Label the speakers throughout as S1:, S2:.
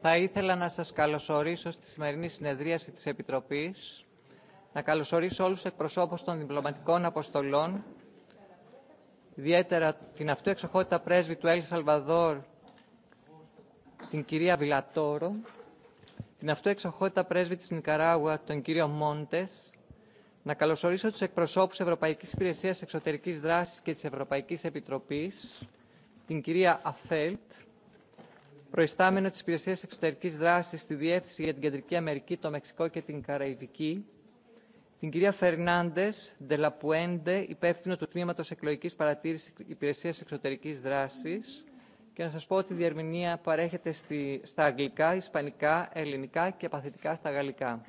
S1: Θα ήθελα να σας καλωσορίσω στη σημερινή συνεδρίαση της Επιτροπής, να καλωσορίσω όλους τους εκπροσώπους των διπλωματικών αποστολών, ιδιαίτερα την αυτού εξοχότητα πρέσβη του Ελ Σαλβαδόρ, την κυρία Βιλατόρο, την αυτού εξοχότητα πρέσβη της Νικαράγουα, τον κύριο Μόντες, να καλωσορίσω τους εκπροσώπους Ευρωπαϊκής Υπηρεσίας Εξωτερικής Δράσης και της Ευρωπαϊκής Επιτροπής, την κυρία Αφέλτ, προϊστάμενο της Υπηρεσίας Εξωτερικής Δράσης στη Διεύθυνση για την Κεντρική Αμερική, το Μεξικό και την Καραϊβική, την κυρία Φερνάντε Ντελαπουέντε, υπεύθυνο του τμήματο εκλογική παρατήρηση Υπηρεσία Εξωτερική Δράση. Και να σα πω ότι η διερμηνία παρέχεται στη, στα αγγλικά, ισπανικά, ελληνικά και παθητικά στα γαλλικά.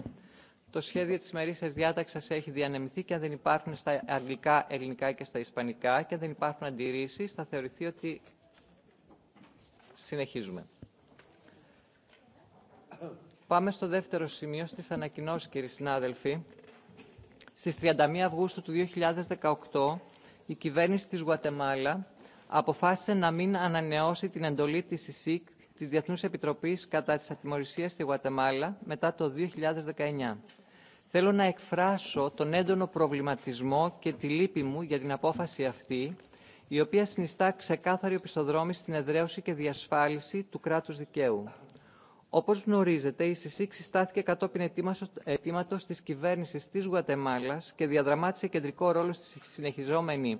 S1: Το σχέδιο τη ημερήσια διάταξη έχει διανεμηθεί και αν δεν υπάρχουν στα αγγλικά, ελληνικά και στα ισπανικά και αν δεν υπάρχουν αντιρρήσει, θα θεωρηθεί ότι συνεχίζουμε. Πάμε στο δεύτερο σημείο, στις ανακοινώσεις, κύριοι συνάδελφοι. Στις 31 Αυγούστου του 2018, η κυβέρνηση της Γουατεμάλα αποφάσισε να μην ανανεώσει την εντολή της ΙΣΥΚ της Διεθνούς Επιτροπής κατά της ατιμορρησίας στη Γουατεμάλα μετά το 2019. Θέλω να εκφράσω τον έντονο προβληματισμό και τη λύπη μου για την απόφαση αυτή, η οποία συνιστά ξεκάθαρη οπισθοδρόμηση στην εδραίωση και διασφάλιση του κράτους δικαίου. Όπω γνωρίζετε, η συσήξη στάθηκε κατόπιν αιτήματο της κυβέρνηση της Γουατεμάλα και διαδραμάτισε κεντρικό ρόλο στη συνεχιζόμενη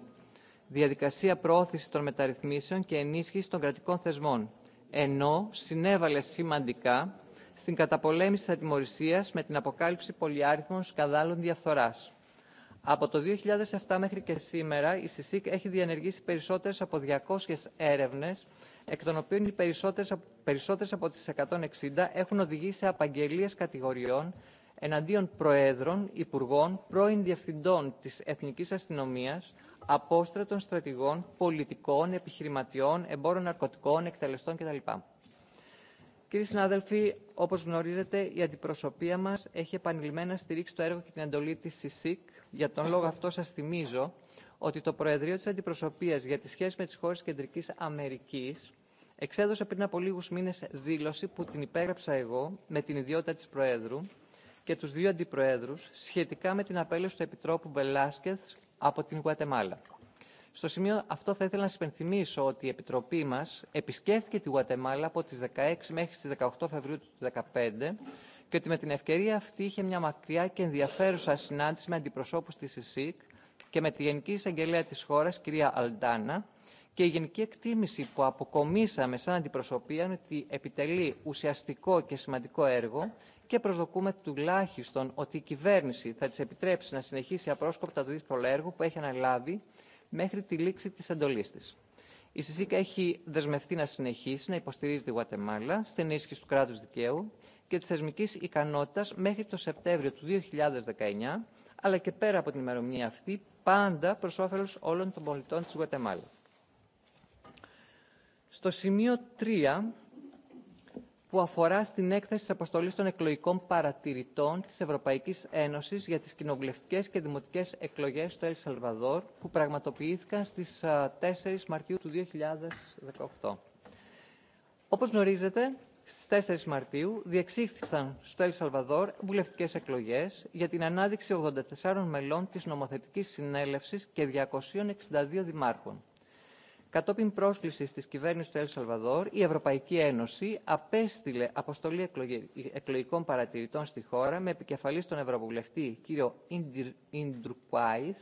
S1: διαδικασία προώθησης των μεταρρυθμίσεων και ενίσχυση των κρατικών θεσμών, ενώ συνέβαλε σημαντικά στην καταπολέμηση τη ατιμορρησία με την αποκάλυψη πολυάριθμων σκαδάλων διαφθοράς. Από το 2007 μέχρι και σήμερα, η ΣΥΣΥΚ έχει διενεργήσει περισσότερε από 200 έρευνε εκ των οποίων οι περισσότερες, περισσότερες από τις 160 έχουν οδηγήσει σε απαγγελίες κατηγοριών εναντίον προέδρων, υπουργών, πρώην διευθυντών της Εθνικής Αστυνομίας, απόστρατων στρατηγών, πολιτικών, επιχειρηματιών, εμπόρων ναρκωτικών, εκτελεστών κτλ. Κύριοι συνάδελφοι, όπω γνωρίζετε, η αντιπροσωπεία μα έχει επανειλημμένα στηρίξει το έργο και την εντολή τη ΣΥΣΥΚ. Για τον λόγο αυτό, σα θυμίζω ότι το Προεδρείο τη Αντιπροσωπείας για τι σχέσει με τι χώρε Κεντρική Αμερική εξέδωσε πριν από λίγου μήνε δήλωση που την υπέγραψα εγώ με την ιδιότητα τη Προέδρου και του δύο αντιπροέδρου σχετικά με την απέλευση του Επιτρόπου Μπελάσκεθ από την Γουατεμάλα. Στο σημείο αυτό θα ήθελα να σα υπενθυμίσω ότι η Επιτροπή μα επισκέφθηκε τη Γουατεμάλα από τι 16 μέχρι τι 18 Φεβρουαρίου του 2015 και ότι με την ευκαιρία αυτή είχε μια μακριά και ενδιαφέρουσα συνάντηση με αντιπροσώπου τη ΕΣΥΚ και με τη Γενική Εισαγγελέα τη χώρα, κυρία Αλντάνα, και η γενική εκτίμηση που αποκομίσαμε σαν αντιπροσωπεία είναι ότι επιτελεί ουσιαστικό και σημαντικό έργο και προσδοκούμε τουλάχιστον ότι η κυβέρνηση θα της επιτρέψει να συνεχίσει απρόσκοπτα το δύσκολο έργο που έχει αναλάβει μέχρι τη λήξη της εντολής της. Η ΣΥΣΥΚΑ έχει δεσμευτεί να συνεχίσει να υποστηρίζει τη Γουατεμάλα στην ίσχυση του κράτους δικαίου και της θεσμικής ικανότητας μέχρι το Σεπτέμβριο του 2019, αλλά και πέρα από την ημερομηνία αυτή, πάντα προ όφελο όλων των πολιτών τη Γουατεμάλα στο σημείο 3 που αφορά στην έκθεση της αποστολής των εκλογικών παρατηρητών της Ευρωπαϊκής Ένωσης για τις κοινοβουλευτικές και δημοτικές εκλογές στο Ελ που πραγματοποιήθηκαν στις 4 Μαρτίου του 2018. Όπως γνωρίζετε, στις 4 Μαρτίου διεξήχθησαν στο Ελ Σαλβαδόρ βουλευτικές εκλογές για την ανάδειξη 84 μελών της νομοθετικής συνέλευσης και 262 δημάρχων. Κατόπιν πρόσκληση τη κυβέρνηση του Ελσαλβαδόρ, η Ευρωπαϊκή Ένωση απέστειλε αποστολή εκλογικών παρατηρητών στη χώρα με επικεφαλή στον Ευρωβουλευτή κ. Ιντρουκουάιθ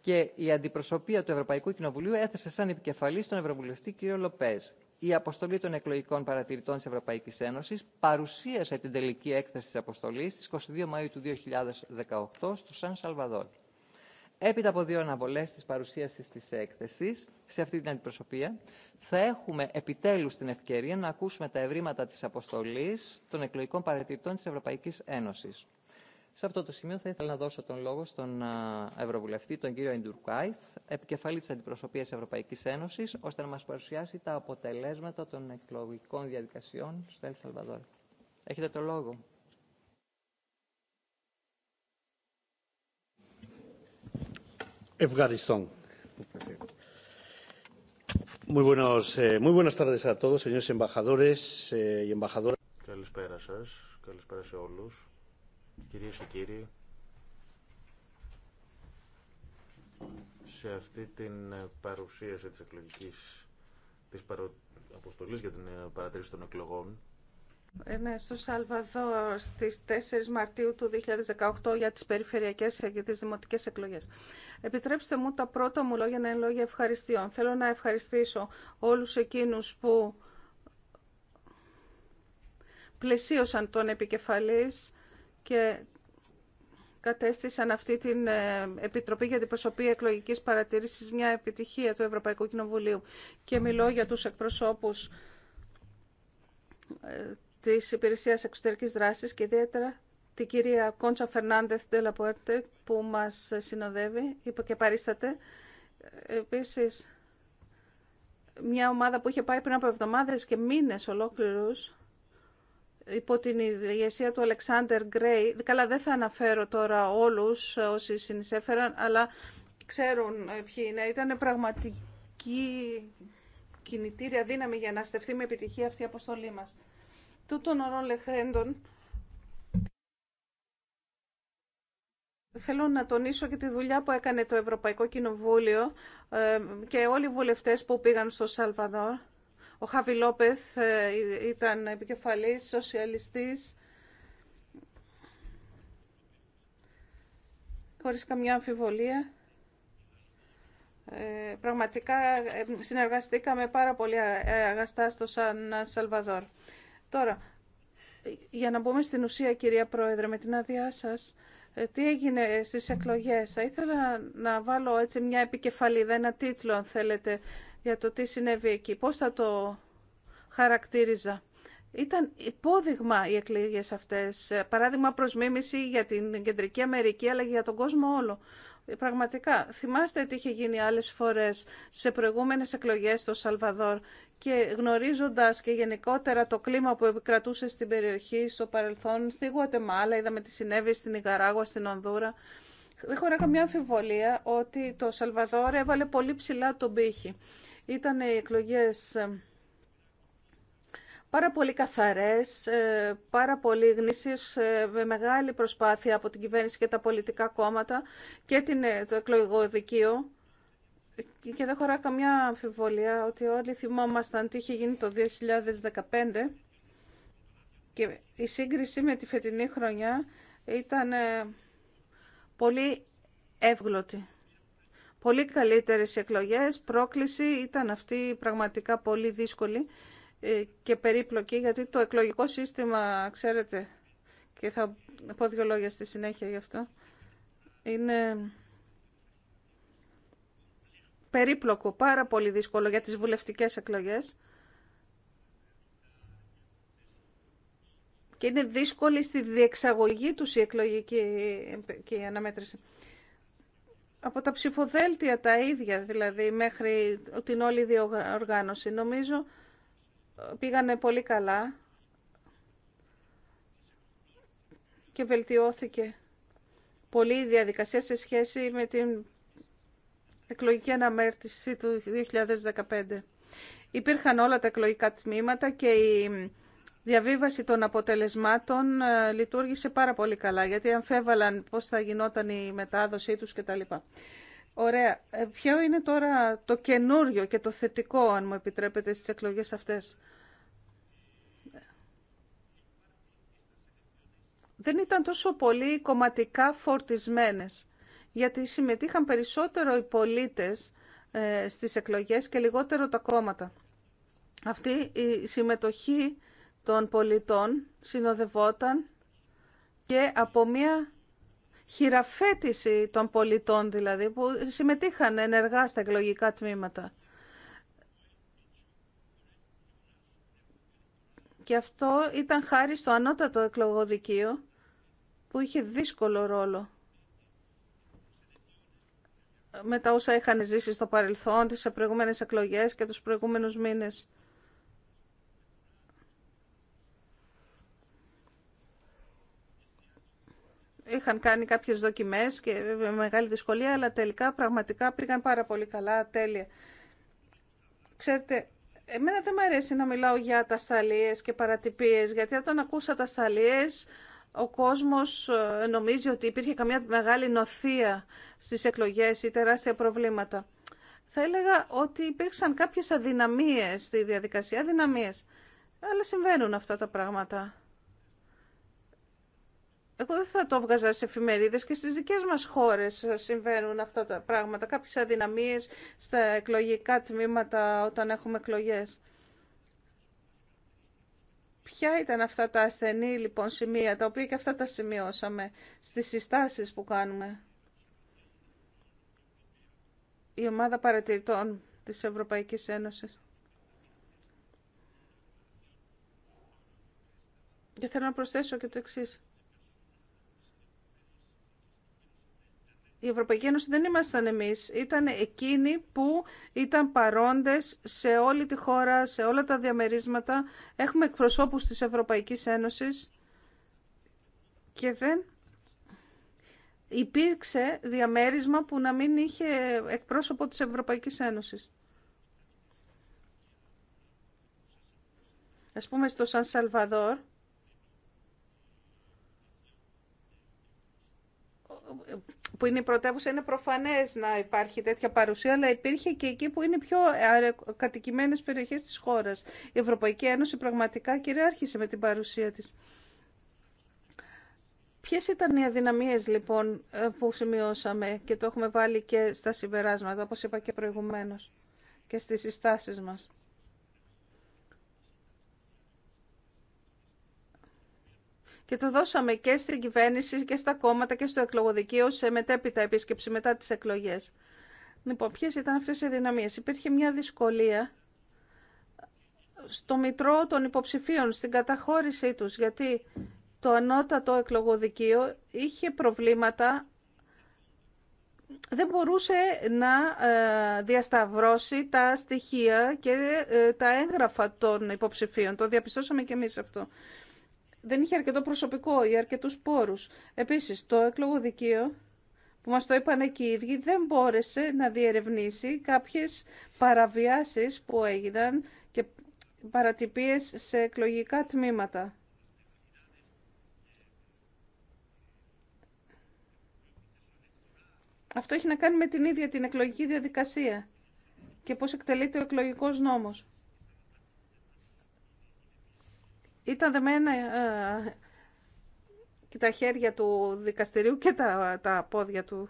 S1: και η αντιπροσωπεία του Ευρωπαϊκού Κοινοβουλίου έθεσε σαν επικεφαλή στον Ευρωβουλευτή κύριο Λοπέ. Η αποστολή των εκλογικών παρατηρητών τη Ευρωπαϊκή Ένωση παρουσίασε την τελική έκθεση τη αποστολή στι 22 Μαου του 2018 στο Σαν Σαλβαδόρ. Έπειτα από δύο αναβολέ τη παρουσίαση τη έκθεση σε αυτή την αντιπροσωπεία, θα έχουμε επιτέλου την ευκαιρία να ακούσουμε τα ευρήματα τη αποστολή των εκλογικών παρατηρητών τη Ευρωπαϊκή Ένωση. Σε αυτό το σημείο θα ήθελα να δώσω τον λόγο στον Ευρωβουλευτή, τον κύριο Ιντουρκάιθ, επικεφαλή τη Αντιπροσωπεία Ευρωπαϊκή Ένωση, ώστε να μα παρουσιάσει τα αποτελέσματα των εκλογικών διαδικασιών στο Ελ Έχετε το λόγο.
S2: Ευχαριστώ. Καλησπέρα σα, καλησπέρα σε όλου, Κύριε και κύριοι. Σε αυτή την ε, παρουσίαση τη εκλογική, της αποστολής για την ε, παρατήρηση των εκλογών,
S3: ε, ναι, στο Σαλβαδό στις 4 Μαρτίου του 2018 για τις περιφερειακές και τις δημοτικές εκλογές. Επιτρέψτε μου τα πρώτα μου λόγια να είναι λόγια ευχαριστειών. Θέλω να ευχαριστήσω όλους εκείνους που πλαισίωσαν τον επικεφαλής και κατέστησαν αυτή την ε, Επιτροπή για την Προσωπή Εκλογικής Παρατήρησης μια επιτυχία του Ευρωπαϊκού Κοινοβουλίου. Και μιλώ για τους εκπροσώπους ε, Τη Υπηρεσία Εξωτερική Δράση και ιδιαίτερα την κυρία Κόντσα Φερνάνδεθ Ντελαπουέρτε που μα συνοδεύει, και παρίσταται. Επίση, μια ομάδα που είχε πάει πριν από εβδομάδε και μήνε ολόκληρου, υπό την ηγεσία του Αλεξάνδρ Γκρέι. Καλά, δεν θα αναφέρω τώρα όλου όσοι συνεισέφεραν, αλλά ξέρουν ποιοι είναι. Ήταν πραγματική κινητήρια δύναμη για να στεφθεί με επιτυχία αυτή η αποστολή μας. Τούτων ορών λεχθέντων, Θέλω να τονίσω και τη δουλειά που έκανε το Ευρωπαϊκό Κοινοβούλιο ε, και όλοι οι βουλευτές που πήγαν στο Σαλβαδόρ. Ο Χαβι Λόπεθ ε, ήταν επικεφαλής, σοσιαλιστής, χωρίς καμιά αμφιβολία. Ε, πραγματικά συνεργαστήκαμε πάρα πολύ αγαστά στο Σαλβαδόρ. Τώρα, για να μπούμε στην ουσία, κυρία Πρόεδρε, με την άδειά σα, ε, τι έγινε στις εκλογές. Θα ήθελα να βάλω έτσι μια επικεφαλίδα, ένα τίτλο, αν θέλετε, για το τι συνέβη εκεί. Πώς θα το χαρακτήριζα. Ήταν υπόδειγμα οι εκλογές αυτές, παράδειγμα προσμίμηση μίμηση για την Κεντρική Αμερική, αλλά και για τον κόσμο όλο. Πραγματικά, θυμάστε τι είχε γίνει άλλες φορές σε προηγούμενες εκλογές στο Σαλβαδόρ και γνωρίζοντας και γενικότερα το κλίμα που επικρατούσε στην περιοχή, στο παρελθόν, στη Γουατεμάλα, είδαμε τι συνέβη στην Ιγαράγουα, στην Ονδούρα. Δεν χωρά καμιά αμφιβολία ότι το Σαλβαδόρ έβαλε πολύ ψηλά τον πύχη. Ήταν οι εκλογές ε, πάρα πολύ καθαρές, ε, πάρα πολύ γνήσιες, ε, με μεγάλη προσπάθεια από την κυβέρνηση και τα πολιτικά κόμματα και την, ε, το εκλογικό δικείο. Και δεν χωρά καμιά αμφιβολία ότι όλοι θυμόμασταν τι είχε γίνει το 2015 και η σύγκριση με τη φετινή χρονιά ήταν πολύ εύγλωτη. Πολύ καλύτερες εκλογές, πρόκληση ήταν αυτή πραγματικά πολύ δύσκολη ε, και περίπλοκη γιατί το εκλογικό σύστημα, ξέρετε, και θα πω δύο λόγια στη συνέχεια γι' αυτό, είναι περίπλοκο, πάρα πολύ δύσκολο για τις βουλευτικές εκλογές. και είναι δύσκολη στη διεξαγωγή τους η εκλογική και η αναμέτρηση. Από τα ψηφοδέλτια τα ίδια δηλαδή μέχρι την όλη διοργάνωση νομίζω πήγανε πολύ καλά και βελτιώθηκε πολύ η διαδικασία σε σχέση με την εκλογική αναμέρτηση του 2015. Υπήρχαν όλα τα εκλογικά τμήματα και η διαβίβαση των αποτελεσμάτων ε, λειτουργήσε πάρα πολύ καλά, γιατί αμφέβαλαν πώς θα γινόταν η μετάδοσή τους κτλ. Ωραία. Ε, ποιο είναι τώρα το καινούριο και το θετικό, αν μου επιτρέπετε, στις εκλογές αυτές. Δεν ήταν τόσο πολύ κομματικά φορτισμένες, γιατί συμμετείχαν περισσότερο οι πολίτες ε, στις εκλογές και λιγότερο τα κόμματα. Αυτή η συμμετοχή των πολιτών συνοδευόταν και από μια χειραφέτηση των πολιτών δηλαδή που συμμετείχαν ενεργά στα εκλογικά τμήματα. Και αυτό ήταν χάρη στο ανώτατο εκλογοδικείο που είχε δύσκολο ρόλο με τα όσα είχαν ζήσει στο παρελθόν, τις προηγούμενες εκλογές και τους προηγούμενους μήνες. είχαν κάνει κάποιες δοκιμές και με μεγάλη δυσκολία, αλλά τελικά πραγματικά πήγαν πάρα πολύ καλά, τέλεια. Ξέρετε, εμένα δεν μου αρέσει να μιλάω για τα σταλίες και παρατυπίες, γιατί όταν ακούσα τα σταλίες, ο κόσμος ε, νομίζει ότι υπήρχε καμία μεγάλη νοθεία στις εκλογές ή τεράστια προβλήματα. Θα έλεγα ότι υπήρξαν κάποιες αδυναμίες στη διαδικασία, αδυναμίες. Αλλά συμβαίνουν αυτά τα πράγματα. Εγώ δεν θα το έβγαζα σε εφημερίδε και στι δικές μας χώρες συμβαίνουν αυτά τα πράγματα, Κάποιε αδυναμίες στα εκλογικά τμήματα όταν έχουμε εκλογέ. Ποια ήταν αυτά τα ασθενή λοιπόν σημεία, τα οποία και αυτά τα σημειώσαμε στις συστάσεις που κάνουμε. Η ομάδα παρατηρητών της Ευρωπαϊκής Ένωσης. Και θέλω να προσθέσω και το εξής. η Ευρωπαϊκή Ένωση δεν ήμασταν εμείς, ήταν εκείνοι που ήταν παρόντες σε όλη τη χώρα, σε όλα τα διαμερίσματα. Έχουμε εκπροσώπους της Ευρωπαϊκής Ένωσης και δεν υπήρξε διαμέρισμα που να μην είχε εκπρόσωπο της Ευρωπαϊκής Ένωσης. Ας πούμε στο Σαν Σαλβαδόρ, που είναι η πρωτεύουσα, είναι προφανές να υπάρχει τέτοια παρουσία, αλλά υπήρχε και εκεί που είναι πιο κατοικημένε περιοχές της χώρας. Η Ευρωπαϊκή Ένωση πραγματικά κυριάρχησε με την παρουσία της. Ποιε ήταν οι αδυναμίες λοιπόν ε, που σημειώσαμε και το έχουμε βάλει και στα συμπεράσματα, όπως είπα και προηγουμένω, και στι συστάσεις μα. και το δώσαμε και στην κυβέρνηση και στα κόμματα και στο εκλογοδικείο σε μετέπειτα επίσκεψη μετά τις εκλογές. Λοιπόν, ήταν αυτές οι δυναμίες. Υπήρχε μια δυσκολία στο μητρό των υποψηφίων, στην καταχώρησή τους, γιατί το ανώτατο εκλογοδικείο είχε προβλήματα, δεν μπορούσε να ε, διασταυρώσει τα στοιχεία και ε, τα έγγραφα των υποψηφίων. Το διαπιστώσαμε και εμείς αυτό δεν είχε αρκετό προσωπικό ή αρκετούς πόρους. Επίσης, το εκλογοδικείο που μας το είπαν εκεί οι ίδιοι, δεν μπόρεσε να διερευνήσει κάποιες παραβιάσεις που έγιναν και παρατυπίες σε εκλογικά τμήματα. Αυτό έχει να κάνει με την ίδια την εκλογική διαδικασία και πώς εκτελείται ο εκλογικός νόμος. ήταν δεμένα ε, και τα χέρια του δικαστηρίου και τα, τα πόδια του.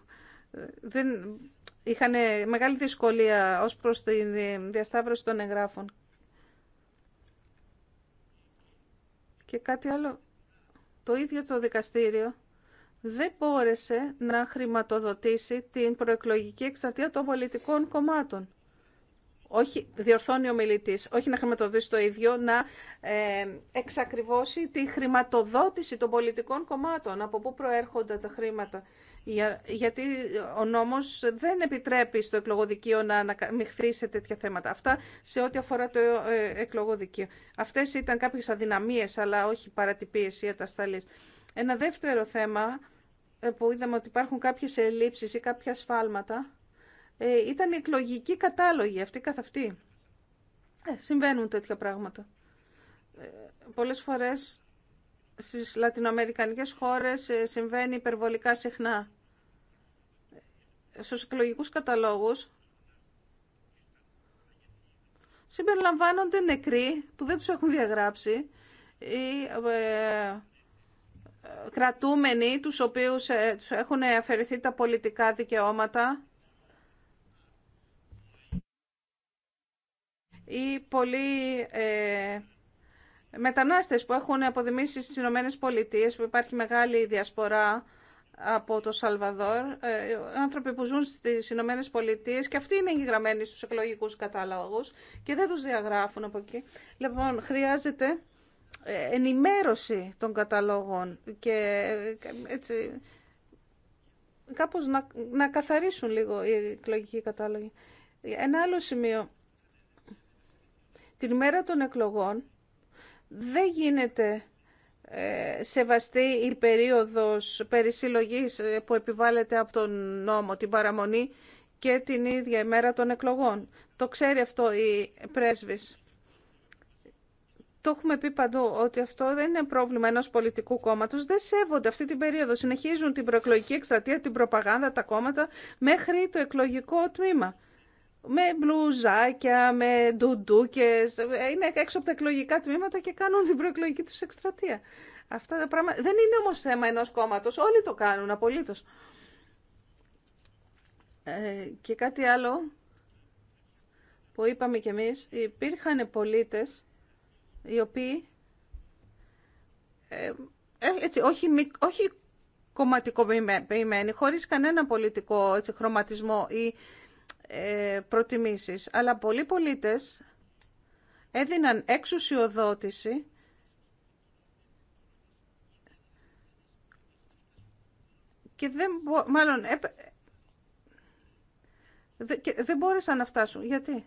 S3: Ε, δεν, είχαν μεγάλη δυσκολία ως προς τη διασταύρωση των εγγράφων. Και κάτι άλλο, το ίδιο το δικαστήριο δεν μπόρεσε να χρηματοδοτήσει την προεκλογική εκστρατεία των πολιτικών κομμάτων όχι, διορθώνει ο μιλητή, όχι να χρηματοδοτήσει το ίδιο, να ε, εξακριβώσει τη χρηματοδότηση των πολιτικών κομμάτων, από πού προέρχονται τα χρήματα. Για, γιατί ο νόμος δεν επιτρέπει στο εκλογοδικείο να αναμειχθεί σε τέτοια θέματα. Αυτά σε ό,τι αφορά το ε, εκλογοδικείο. Αυτές ήταν κάποιες αδυναμίες, αλλά όχι παρατυπίες ή ατασταλείς. Ένα δεύτερο θέμα ε, που προερχονται τα χρηματα γιατι ο ότι υπάρχουν κάποιες ελλείψεις ή κάποια σφάλματα ε, ήταν εκλογικοί κατάλογοι αυτοί καθ' αυτή. Ε, συμβαίνουν τέτοια πράγματα. Ε, πολλές φορές στις λατινοαμερικανικές χώρες ε, συμβαίνει υπερβολικά συχνά. Ε, στους εκλογικούς καταλόγους συμπεριλαμβάνονται νεκροί που δεν τους έχουν διαγράψει ή κρατούμενοι τους οποίους τους έχουν αφαιρεθεί τα πολιτικά δικαιώματα ή πολλοί ε, μετανάστες που έχουν αποδημήσει στις Ηνωμένες Πολιτείες, που υπάρχει μεγάλη διασπορά από το Σαλβαδόρ, ε, άνθρωποι που ζουν στις Ηνωμένε Πολιτείες και αυτοί είναι εγγεγραμμένοι στους εκλογικούς κατάλογους και δεν τους διαγράφουν από εκεί. Λοιπόν, χρειάζεται ε, ενημέρωση των καταλόγων και ε, έτσι κάπως να, να καθαρίσουν λίγο οι εκλογικοί κατάλογοι. Ένα άλλο σημείο την ημέρα των εκλογών δεν γίνεται ε, σεβαστή η περίοδος περισυλλογής ε, που επιβάλλεται από τον νόμο, την παραμονή και την ίδια ημέρα των εκλογών. Το ξέρει αυτό η πρέσβης. Το έχουμε πει παντού ότι αυτό δεν είναι πρόβλημα ενός πολιτικού κόμματος. Δεν σέβονται αυτή την περίοδο. Συνεχίζουν την προεκλογική εκστρατεία, την προπαγάνδα, τα κόμματα μέχρι το εκλογικό τμήμα με μπλουζάκια, με ντουντούκε. είναι έξω από τα εκλογικά τμήματα και κάνουν την προεκλογική του εκστρατεία. Αυτά τα πράγματα δεν είναι όμω θέμα ενό κόμματο. όλοι το κάνουν απολύτω. Ε, και κάτι άλλο που είπαμε κι εμεί υπήρχαν πολίτε οι οποίοι, ε, ε, έτσι, όχι, όχι κομματικοποιημένοι, χωρίς κανένα πολιτικό έτσι, χρωματισμό ή ε, προτιμήσεις. Αλλά πολλοί πολίτες έδιναν εξουσιοδότηση και δεν, μάλλον, και δεν μπόρεσαν να φτάσουν. Γιατί?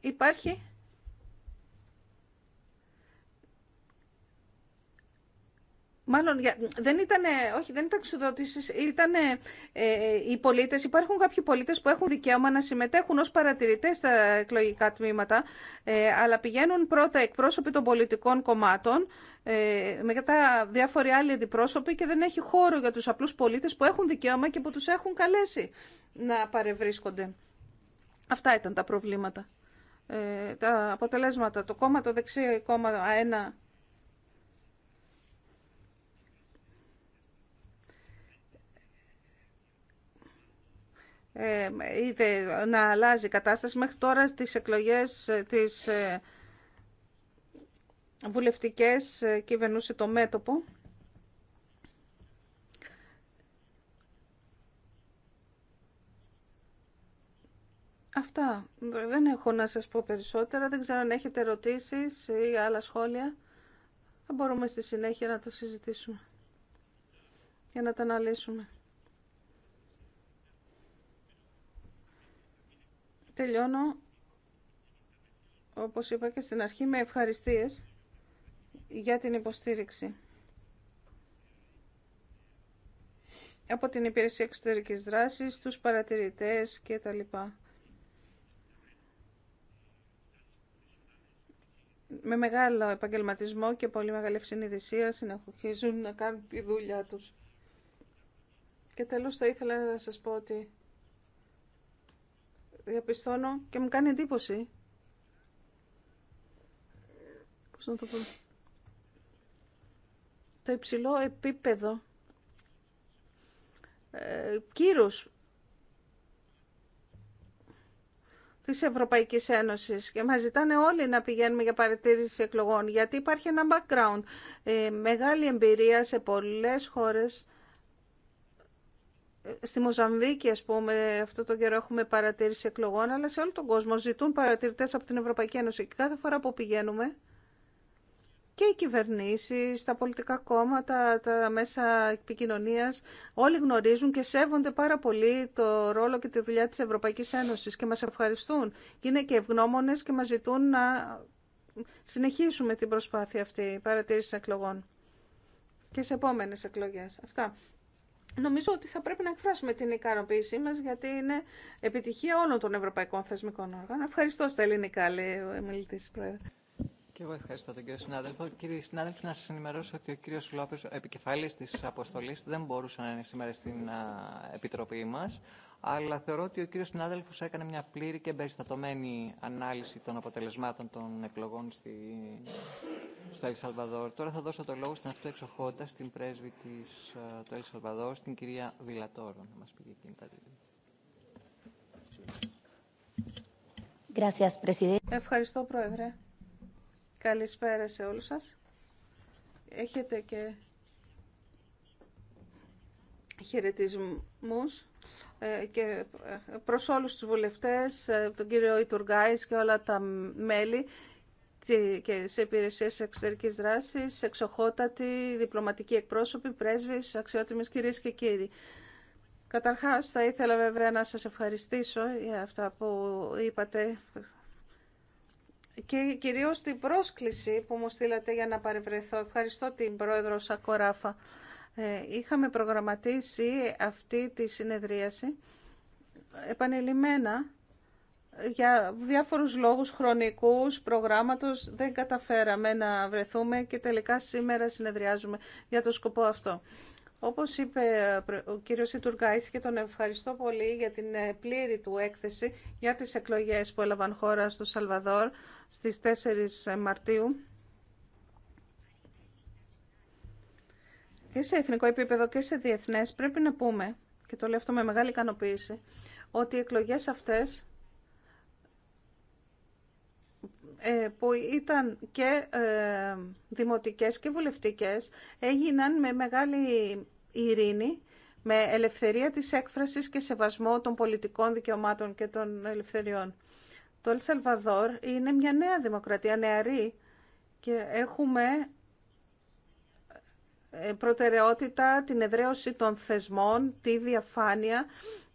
S3: Υπάρχει Μάλλον δεν ήταν, όχι, δεν ήταν ξουδότηση, ήταν ε, οι πολίτε. Υπάρχουν κάποιοι πολίτε που έχουν δικαίωμα να συμμετέχουν ω παρατηρητέ στα εκλογικά τμήματα, ε, αλλά πηγαίνουν πρώτα εκπρόσωποι των πολιτικών κομμάτων, ε, μετά διάφοροι άλλοι αντιπρόσωποι και δεν έχει χώρο για του απλού πολίτε που έχουν δικαίωμα και που του έχουν καλέσει να παρευρίσκονται. Αυτά ήταν τα προβλήματα. Ε, τα αποτελέσματα. Το κόμμα, το δεξί κόμμα, ένα Ε, είδε να αλλάζει η κατάσταση. Μέχρι τώρα στις εκλογές ε, της ε, βουλευτικές κυβερνούσε το μέτωπο. Αυτά. Δεν έχω να σας πω περισσότερα. Δεν ξέρω αν έχετε ερωτήσεις ή άλλα σχόλια. Θα μπορούμε στη συνέχεια να το συζητήσουμε για να τα αναλύσουμε. Τελειώνω, όπως είπα και στην αρχή, με ευχαριστίες για την υποστήριξη. Από την Υπηρεσία Εξωτερικής Δράσης, τους παρατηρητές και τα λοιπά. Με μεγάλο επαγγελματισμό και πολύ μεγάλη ευσυνειδησία συνεχίζουν να κάνουν τη δουλειά τους. Και τέλος θα ήθελα να σας πω ότι διαπιστώνω και μου κάνει εντύπωση. Πώς να το πω. Το υψηλό επίπεδο ε, κύρους της Ευρωπαϊκής Ένωσης και μας ζητάνε όλοι να πηγαίνουμε για παρατήρηση εκλογών γιατί υπάρχει ένα background, ε, μεγάλη εμπειρία σε πολλές χώρες στη Μοζαμβίκη, ας πούμε, αυτό το καιρό έχουμε παρατήρηση εκλογών, αλλά σε όλο τον κόσμο ζητούν παρατηρητές από την Ευρωπαϊκή Ένωση. Και κάθε φορά που πηγαίνουμε, και οι κυβερνήσει, τα πολιτικά κόμματα, τα μέσα επικοινωνία, όλοι γνωρίζουν και σέβονται πάρα πολύ το ρόλο και τη δουλειά τη Ευρωπαϊκή Ένωση. και μα ευχαριστούν. Είναι και ευγνώμονε και μα ζητούν να συνεχίσουμε την προσπάθεια αυτή παρατήρηση εκλογών και σε επόμενε εκλογέ. Αυτά. Νομίζω ότι θα πρέπει να εκφράσουμε την ικανοποίησή μας γιατί είναι επιτυχία όλων των ευρωπαϊκών θεσμικών όργανων. Ευχαριστώ στα ελληνικά, λέει ο εμιλητής πρόεδρε.
S1: Και εγώ ευχαριστώ τον κύριο συνάδελφο. Κύριοι συνάδελφοι, να σα ενημερώσω ότι ο κύριο Λόπε, επικεφαλής τη αποστολή, δεν μπορούσε να είναι σήμερα στην Επιτροπή μα αλλά θεωρώ ότι ο κύριος συνάδελφος έκανε μια πλήρη και εμπεριστατωμένη ανάλυση των αποτελεσμάτων των εκλογών στη... στο Ελσαλβαδόρ. Τώρα θα δώσω το λόγο στην αυτοεξοχότητα, στην πρέσβη της, ε, του Ελσαλβαδόρ, στην κυρία Βιλατόρο, να μας πει εκείνη τα
S3: Ευχαριστώ, Πρόεδρε. Καλησπέρα σε όλους σας. Έχετε και χαιρετισμούς ε, και ε, προς όλους τους βουλευτές, ε, τον κύριο Ιτουργάης και όλα τα μέλη και σε υπηρεσίε εξωτερική δράση, εξοχότατοι, διπλωματικοί εκπρόσωποι, πρέσβει, αξιότιμε κυρίε και κύριοι. Καταρχά, θα ήθελα βέβαια να σα ευχαριστήσω για αυτά που είπατε και κυρίως την πρόσκληση που μου στείλατε για να παρευρεθώ. Ευχαριστώ την πρόεδρο Σακοράφα. Ε, είχαμε προγραμματίσει αυτή τη συνεδρίαση επανειλημμένα για διάφορους λόγους χρονικούς, προγράμματος, δεν καταφέραμε να βρεθούμε και τελικά σήμερα συνεδριάζουμε για το σκοπό αυτό. Όπως είπε ε, ο κύριος Ιτουργκάης και τον ευχαριστώ πολύ για την ε, πλήρη του έκθεση για τις εκλογές που έλαβαν χώρα στο Σαλβαδόρ στις 4 Μαρτίου. και σε εθνικό επίπεδο και σε διεθνές πρέπει να πούμε, και το λέω αυτό με μεγάλη ικανοποίηση, ότι οι εκλογές αυτές ε, που ήταν και ε, δημοτικές και βουλευτικές έγιναν με μεγάλη ειρήνη, με ελευθερία της έκφρασης και σεβασμό των πολιτικών δικαιωμάτων και των ελευθεριών. Το Ελσαλβαδόρ είναι μια νέα δημοκρατία, νεαρή, και έχουμε ε, προτεραιότητα την εδραίωση των θεσμών, τη διαφάνεια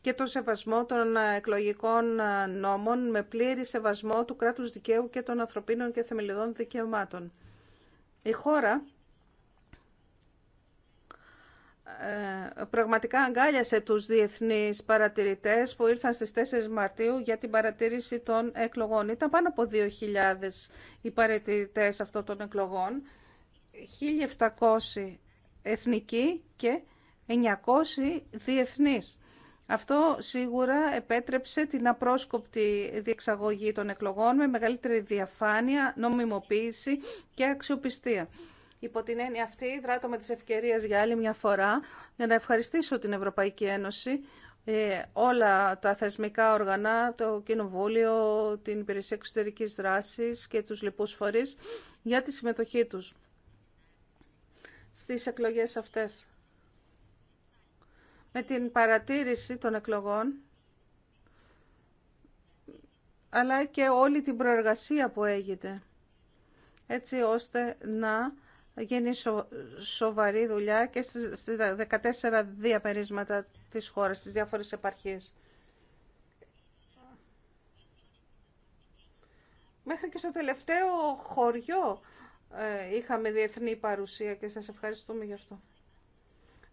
S3: και το σεβασμό των ε, εκλογικών ε, νόμων με πλήρη σεβασμό του κράτους δικαίου και των ανθρωπίνων και θεμελιωδών δικαιωμάτων. Η χώρα πραγματικά αγκάλιασε τους διεθνείς παρατηρητές που ήρθαν στις 4 Μαρτίου για την παρατήρηση των εκλογών. Ήταν πάνω από 2.000 οι παρατηρητές αυτών των εκλογών. 1.700 εθνική και 900 διεθνής. Αυτό σίγουρα επέτρεψε την απρόσκοπτη διεξαγωγή των εκλογών με μεγαλύτερη διαφάνεια, νομιμοποίηση και αξιοπιστία. Υπό την έννοια αυτή, δράτω με τις ευκαιρίες για άλλη μια φορά για να ευχαριστήσω την Ευρωπαϊκή Ένωση, ε, όλα τα θεσμικά οργανά, το Κοινοβούλιο, την Υπηρεσία Εξωτερικής Δράσης και τους λοιπούς φορείς για τη συμμετοχή τους στις εκλογές αυτές. Με την παρατήρηση των εκλογών, αλλά και όλη την προεργασία που έγινε, έτσι ώστε να γίνει σοβαρή δουλειά και στις 14 διαπερίσματα της χώρας, στις διάφορες επαρχίες. Μέχρι και στο τελευταίο χωριό ε, είχαμε διεθνή παρουσία και σας ευχαριστούμε γι' αυτό.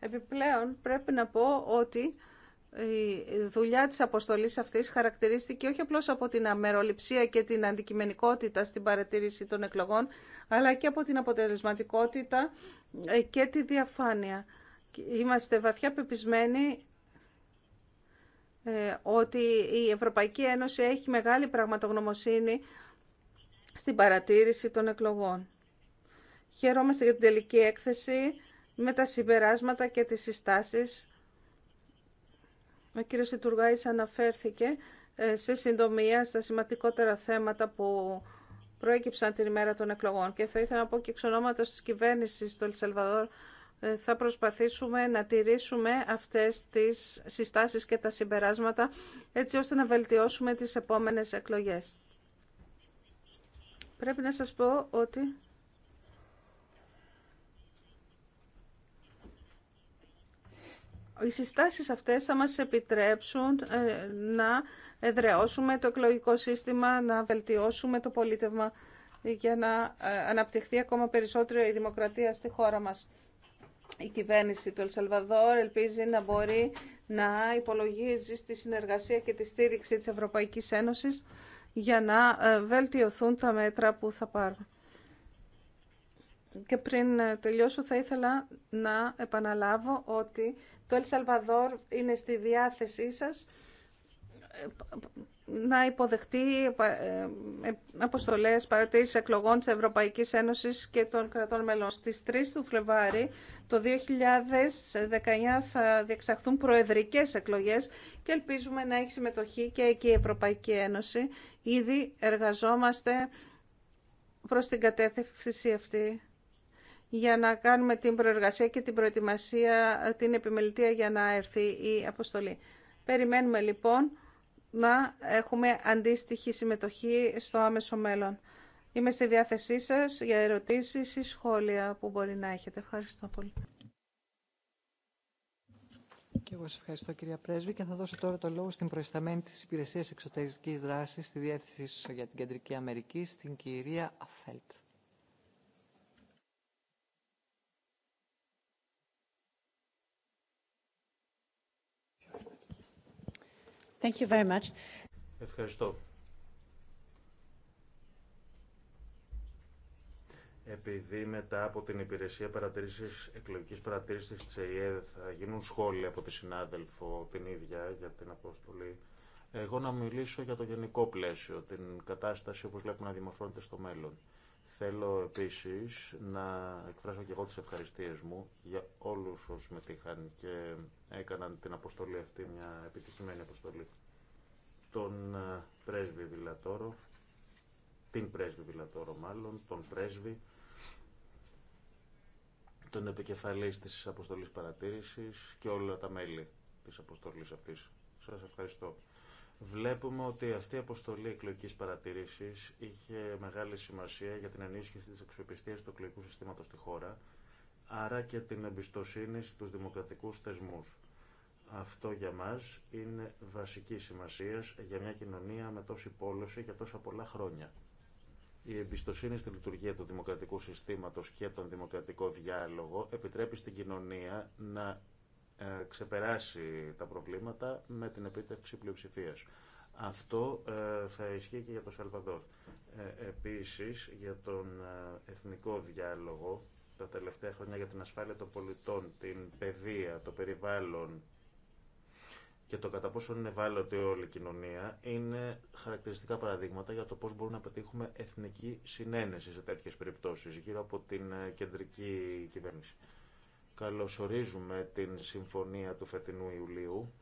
S3: Επιπλέον πρέπει να πω ότι η δουλειά της αποστολής αυτής χαρακτηρίστηκε όχι απλώς από την αμεροληψία και την αντικειμενικότητα στην παρατήρηση των εκλογών, αλλά και από την αποτελεσματικότητα ε, και τη διαφάνεια. Είμαστε βαθιά πεπισμένοι ε, ότι η Ευρωπαϊκή Ένωση έχει μεγάλη πραγματογνωμοσύνη στην παρατήρηση των εκλογών. Χαιρόμαστε για την τελική έκθεση με τα συμπεράσματα και τις συστάσεις. Ο κύριος Ιτουργάης αναφέρθηκε ε, σε συντομία στα σημαντικότερα θέματα που προέκυψαν την ημέρα των εκλογών. Και θα ήθελα να πω και εξ ονόματος της κυβέρνησης του Ελσαλβαδόρ ε, θα προσπαθήσουμε να τηρήσουμε αυτές τις συστάσεις και τα συμπεράσματα έτσι ώστε να βελτιώσουμε τις επόμενες εκλογές. Πρέπει να σας πω ότι οι συστάσεις αυτές θα μας επιτρέψουν ε, να εδραιώσουμε το εκλογικό σύστημα, να βελτιώσουμε το πολίτευμα για να ε, αναπτυχθεί ακόμα περισσότερο η δημοκρατία στη χώρα μας. Η κυβέρνηση του Ελσαλβαδόρ ελπίζει να μπορεί να υπολογίζει στη συνεργασία και τη στήριξη της Ευρωπαϊκής Ένωσης για να ε, βελτιωθούν τα μέτρα που θα πάρουν. Και πριν ε, τελειώσω θα ήθελα να επαναλάβω ότι το El είναι στη διάθεσή σας ε, να υποδεχτεί ε, αποστολές παρατήρησης εκλογών της Ευρωπαϊκής Ένωσης και των κρατών μελών. Στις 3 του Φλεβάρι το 2019 θα διεξαχθούν προεδρικές εκλογές και ελπίζουμε να έχει συμμετοχή και εκεί η Ευρωπαϊκή Ένωση. Ήδη εργαζόμαστε προς την κατεύθυνση αυτή για να κάνουμε την προεργασία και την προετοιμασία, την επιμελητία για να έρθει η αποστολή. Περιμένουμε λοιπόν να έχουμε αντίστοιχη συμμετοχή στο άμεσο μέλλον. Είμαι στη διάθεσή σας για ερωτήσεις ή σχόλια που μπορεί να έχετε. Ευχαριστώ πολύ.
S1: Και εγώ σας ευχαριστώ κυρία Πρέσβη και θα δώσω τώρα το λόγο στην προϊσταμένη της Υπηρεσίας Εξωτερικής Δράσης στη Διεύθυνση για την Κεντρική Αμερική, στην κυρία Αφέλτ.
S3: Thank you very much.
S2: Ευχαριστώ. Επειδή μετά από την υπηρεσία παρατήρησης, εκλογικής παρατήρησης της ΕΕ θα γίνουν σχόλια από τη συνάδελφο την ίδια για την αποστολή, εγώ να μιλήσω για το γενικό πλαίσιο, την κατάσταση όπως βλέπουμε να δημορφώνεται στο μέλλον. Θέλω επίσης να εκφράσω και εγώ τις ευχαριστίες μου για όλους όσους μετήχαν και έκαναν την αποστολή αυτή μια επιτυχημένη αποστολή. Τον ε, πρέσβη Βιλατόρο, την πρέσβη Βιλατόρο μάλλον, τον πρέσβη, τον επικεφαλής της αποστολής παρατήρησης και όλα τα μέλη της αποστολής αυτής. Σας ευχαριστώ. Βλέπουμε ότι αυτή η αποστολή εκλογική παρατήρηση είχε μεγάλη σημασία για την ενίσχυση τη αξιοπιστία του εκλογικού συστήματο στη χώρα, άρα και την εμπιστοσύνη στου δημοκρατικού θεσμού. Αυτό για μα είναι βασική σημασία για μια κοινωνία με τόση πόλωση για τόσα πολλά χρόνια. Η εμπιστοσύνη στη λειτουργία του δημοκρατικού συστήματο και τον δημοκρατικό διάλογο επιτρέπει στην κοινωνία να ε, ξεπεράσει τα προβλήματα με την επίτευξη πλειοψηφία. Αυτό ε, θα ισχύει και για το Σαλβαδόρ. Ε, επίσης, για τον εθνικό διάλογο τα τελευταία χρόνια για την ασφάλεια των πολιτών, την παιδεία, το περιβάλλον και το κατά πόσο είναι ευάλωτη όλη η κοινωνία είναι χαρακτηριστικά παραδείγματα για το πώς μπορούμε να πετύχουμε εθνική συνένεση σε τέτοιες περιπτώσεις γύρω από την κεντρική κυβέρνηση. Καλωσορίζουμε την συμφωνία του φετινού Ιουλίου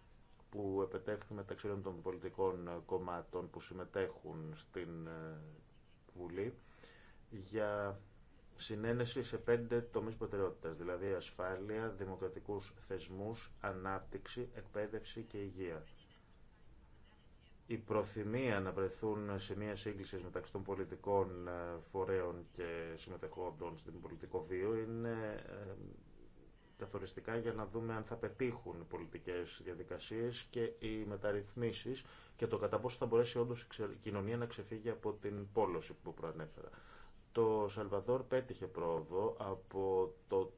S2: που επετέχθη μεταξύ των πολιτικών κομμάτων που συμμετέχουν στην ε, Βουλή για συνένεση σε πέντε τομείς προτεραιότητα, δηλαδή ασφάλεια, δημοκρατικούς θεσμούς, ανάπτυξη, εκπαίδευση και υγεία. Η προθυμία να βρεθούν σε μια σύγκληση μεταξύ των πολιτικών ε, φορέων και συμμετεχόντων στην πολιτικό βίο είναι ε, καθοριστικά για να δούμε αν θα πετύχουν οι πολιτικές διαδικασίες και οι μεταρρυθμίσεις και το κατά πόσο θα μπορέσει όντως η κοινωνία να ξεφύγει από την πόλωση που προανέφερα. Το Σαλβαδόρ πέτυχε πρόοδο από το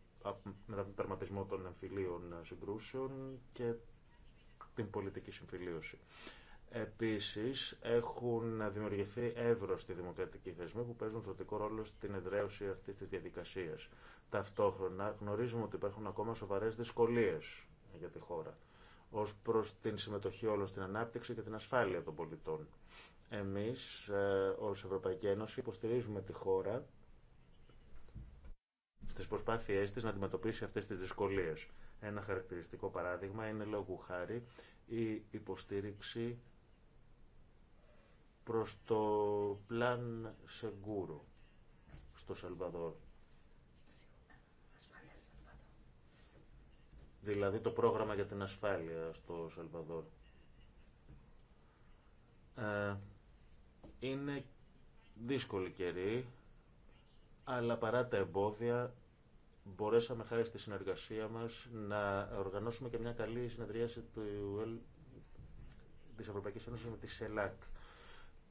S2: τερματισμό των εμφυλίων συγκρούσεων και την πολιτική συμφιλίωση. Επίσης, έχουν δημιουργηθεί εύρωστοι δημοκρατική θεσμή που παίζουν ζωτικό ρόλο στην εδραίωση αυτής της διαδικασίας. Ταυτόχρονα γνωρίζουμε ότι υπάρχουν ακόμα σοβαρές δυσκολίες για τη χώρα ως προς την συμμετοχή όλων στην ανάπτυξη και την ασφάλεια των πολιτών. Εμείς, ε, ως Ευρωπαϊκή Ένωση, υποστηρίζουμε τη χώρα στις προσπάθειές της να αντιμετωπίσει αυτές τις δυσκολίες. Ένα χαρακτηριστικό παράδειγμα είναι λόγου χάρη η υποστήριξη προς το πλάν σεγκούρο στο Σαλβαδόρ. Δηλαδή το πρόγραμμα για την ασφάλεια στο Σαλβαδόρ. Ε, είναι δύσκολη καιρή, αλλά παρά τα εμπόδια μπορέσαμε χάρη στη συνεργασία μας να οργανώσουμε και μια καλή συνεδρίαση του, της Ευρωπαϊκής Ένωσης με τη ΣΕΛΑΚ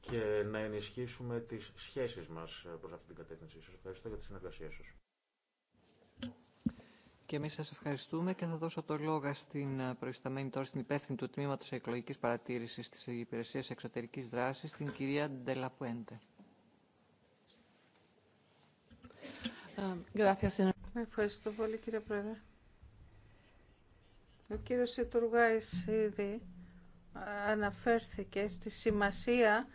S2: και να ενισχύσουμε τις σχέσεις μας προς αυτή την κατεύθυνση. Σας ευχαριστώ για τη συνεργασία σας.
S1: Και εμεί σα ευχαριστούμε και θα δώσω το λόγο στην ε, προϊσταμένη τώρα στην υπεύθυνη του τμήματο εκλογική παρατήρηση τη Υπηρεσία Εξωτερική Δράση, την κυρία Ντελαπουέντε.
S3: Ε, ευχαριστώ πολύ κύριε Πρόεδρε. Ο κύριος Ιτουργάης ήδη ε, αναφέρθηκε στη σημασία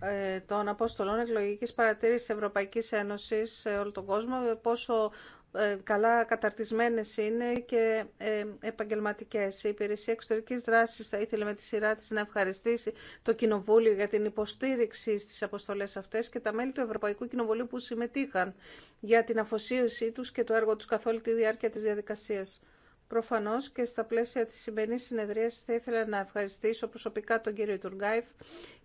S3: ε, των αποστολών εκλογικής παρατήρησης Ευρωπαϊκής Ένωσης σε όλο τον κόσμο, πόσο ε, καλά καταρτισμένες είναι και ε, επαγγελματικές. Η Υπηρεσία Εξωτερικής Δράσης θα ήθελε με τη σειρά της να ευχαριστήσει το Κοινοβούλιο για την υποστήριξη στις αποστολές αυτές και τα μέλη του Ευρωπαϊκού Κοινοβουλίου που συμμετείχαν για την αφοσίωσή τους και το έργο τους καθ' όλη τη διάρκεια της διαδικασίας. Προφανώ και στα πλαίσια τη σημερινή συνεδρία θα ήθελα να ευχαριστήσω προσωπικά τον κύριο Τουργκάιφ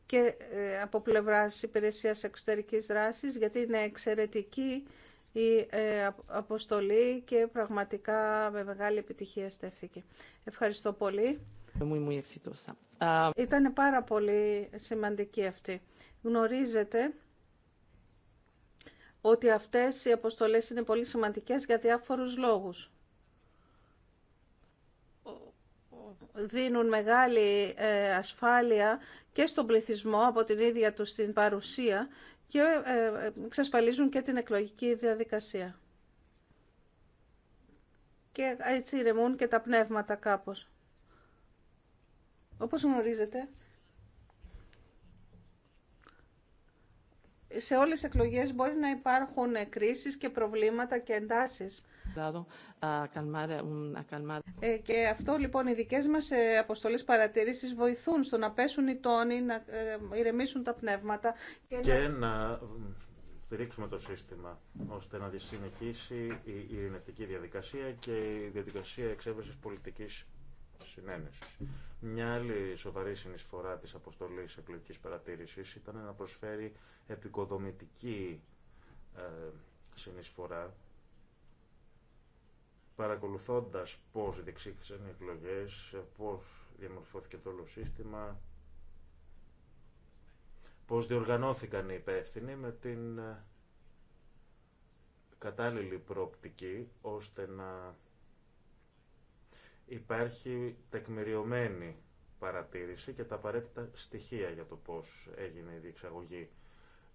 S3: και ε, από πλευράς υπηρεσίας εξωτερικής δράσης, γιατί είναι εξαιρετική η ε, αποστολή και πραγματικά με μεγάλη επιτυχία στέφθηκε. Ευχαριστώ πολύ. Ήταν πάρα πολύ σημαντική αυτή. Γνωρίζετε ότι αυτές οι αποστολές είναι πολύ σημαντικές για διάφορους λόγους. δίνουν μεγάλη ε, ασφάλεια και στον πληθυσμό από την ίδια τους την παρουσία και ε, ε, εξασφαλίζουν και την εκλογική διαδικασία. Και έτσι ηρεμούν και τα πνεύματα κάπως. Όπως γνωρίζετε, σε όλες τις εκλογές μπορεί να υπάρχουν κρίσεις και προβλήματα και εντάσεις ε, και αυτό λοιπόν οι δικές μας ε, αποστολές παρατηρήσεις βοηθούν στο να πέσουν οι τόνοι, να ε, ηρεμήσουν τα πνεύματα. Και,
S2: να... στηρίξουμε το σύστημα ώστε να συνεχίσει η ειρηνευτική διαδικασία και η διαδικασία εξέβρεσης πολιτικής συνένεσης. Μια άλλη σοβαρή συνεισφορά της αποστολής εκλογικής παρατήρησης ήταν να προσφέρει επικοδομητική συνεισφορά παρακολουθώντας πώς διεξήχθησαν οι εκλογές, πώς διαμορφώθηκε το όλο σύστημα, πώς διοργανώθηκαν οι υπεύθυνοι με την ε, κατάλληλη προοπτική, ώστε να υπάρχει τεκμηριωμένη παρατήρηση και τα απαραίτητα στοιχεία για το πώς έγινε η διεξαγωγή.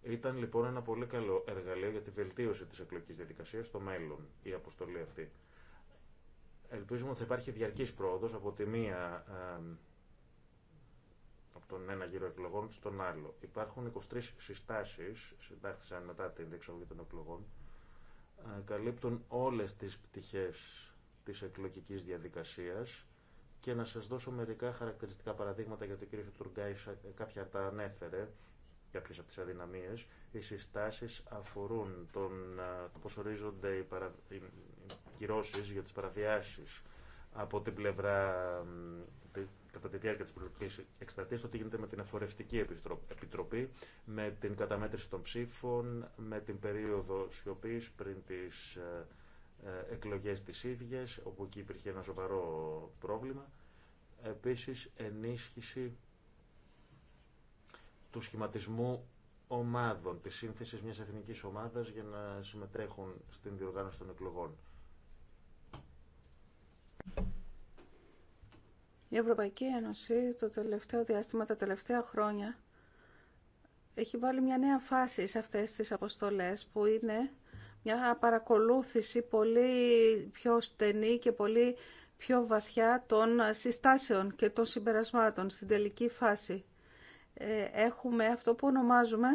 S2: Ήταν λοιπόν ένα πολύ καλό εργαλείο για τη βελτίωση της εκλογικής διαδικασίας στο μέλλον η αποστολή αυτή. Ελπίζουμε ότι θα υπάρχει διαρκής πρόοδος από τη μία από τον ένα γύρο εκλογών στον άλλο. Υπάρχουν 23 συστάσεις, συντάχθησαν μετά την διεξαγωγή των εκλογών, ε, καλύπτουν όλες τις πτυχές της εκλογικής διαδικασίας και να σας δώσω μερικά χαρακτηριστικά παραδείγματα για το κύριο Τουργκάης ε, κάποια τα ανέφερε, κάποιε από τις αδυναμίες. Οι συστάσεις αφορούν τον, ε, το πώς ορίζονται οι, παρα, για τις παραβιάσει από την πλευρά κατά τη διάρκεια τη προεκλογική εκστρατεία, το τι γίνεται με την αφορευτική επιτροπή, με την καταμέτρηση των ψήφων, με την περίοδο σιωπή πριν τι ε, ε, εκλογές τη ίδια, όπου εκεί υπήρχε ένα σοβαρό πρόβλημα. Επίσης, ενίσχυση του σχηματισμού ομάδων, της σύνθεσης μιας εθνικής ομάδας για να συμμετέχουν στην διοργάνωση των εκλογών.
S3: Η Ευρωπαϊκή Ένωση το τελευταίο διάστημα, τα τελευταία χρόνια, έχει βάλει μια νέα φάση σε αυτές τις αποστολές που είναι μια παρακολούθηση πολύ πιο στενή και πολύ πιο βαθιά των συστάσεων και των συμπερασμάτων στην τελική φάση. Ε, έχουμε αυτό που ονομάζουμε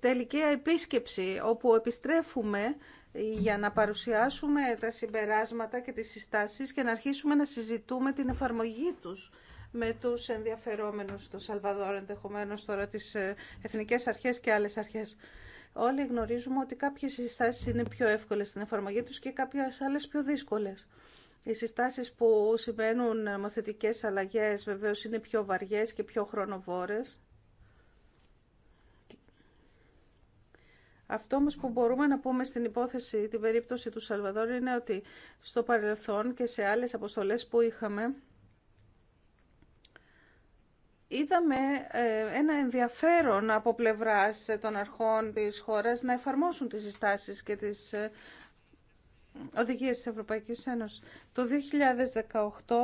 S3: τελική επίσκεψη, όπου επιστρέφουμε για να παρουσιάσουμε τα συμπεράσματα και τις συστάσεις και να αρχίσουμε να συζητούμε την εφαρμογή τους με τους ενδιαφερόμενους στο Σαλβαδόρ, ενδεχομένως τώρα τις ε, εθνικές αρχές και άλλες αρχές. Όλοι γνωρίζουμε ότι κάποιες συστάσεις είναι πιο εύκολες στην εφαρμογή τους και κάποιες άλλες πιο δύσκολες. Οι συστάσεις που συμβαίνουν νομοθετικές αλλαγές βεβαίως είναι πιο βαριές και πιο χρονοβόρες Αυτό όμως που μπορούμε να πούμε στην υπόθεση, την περίπτωση του Σαλβαδόρ, είναι ότι στο παρελθόν και σε άλλες αποστολές που είχαμε, είδαμε ε, ένα ενδιαφέρον από πλευράς των αρχών της χώρας να εφαρμόσουν τις συστάσεις και τις ε, οδηγίες της Ευρωπαϊκής Ένωσης. Το 2018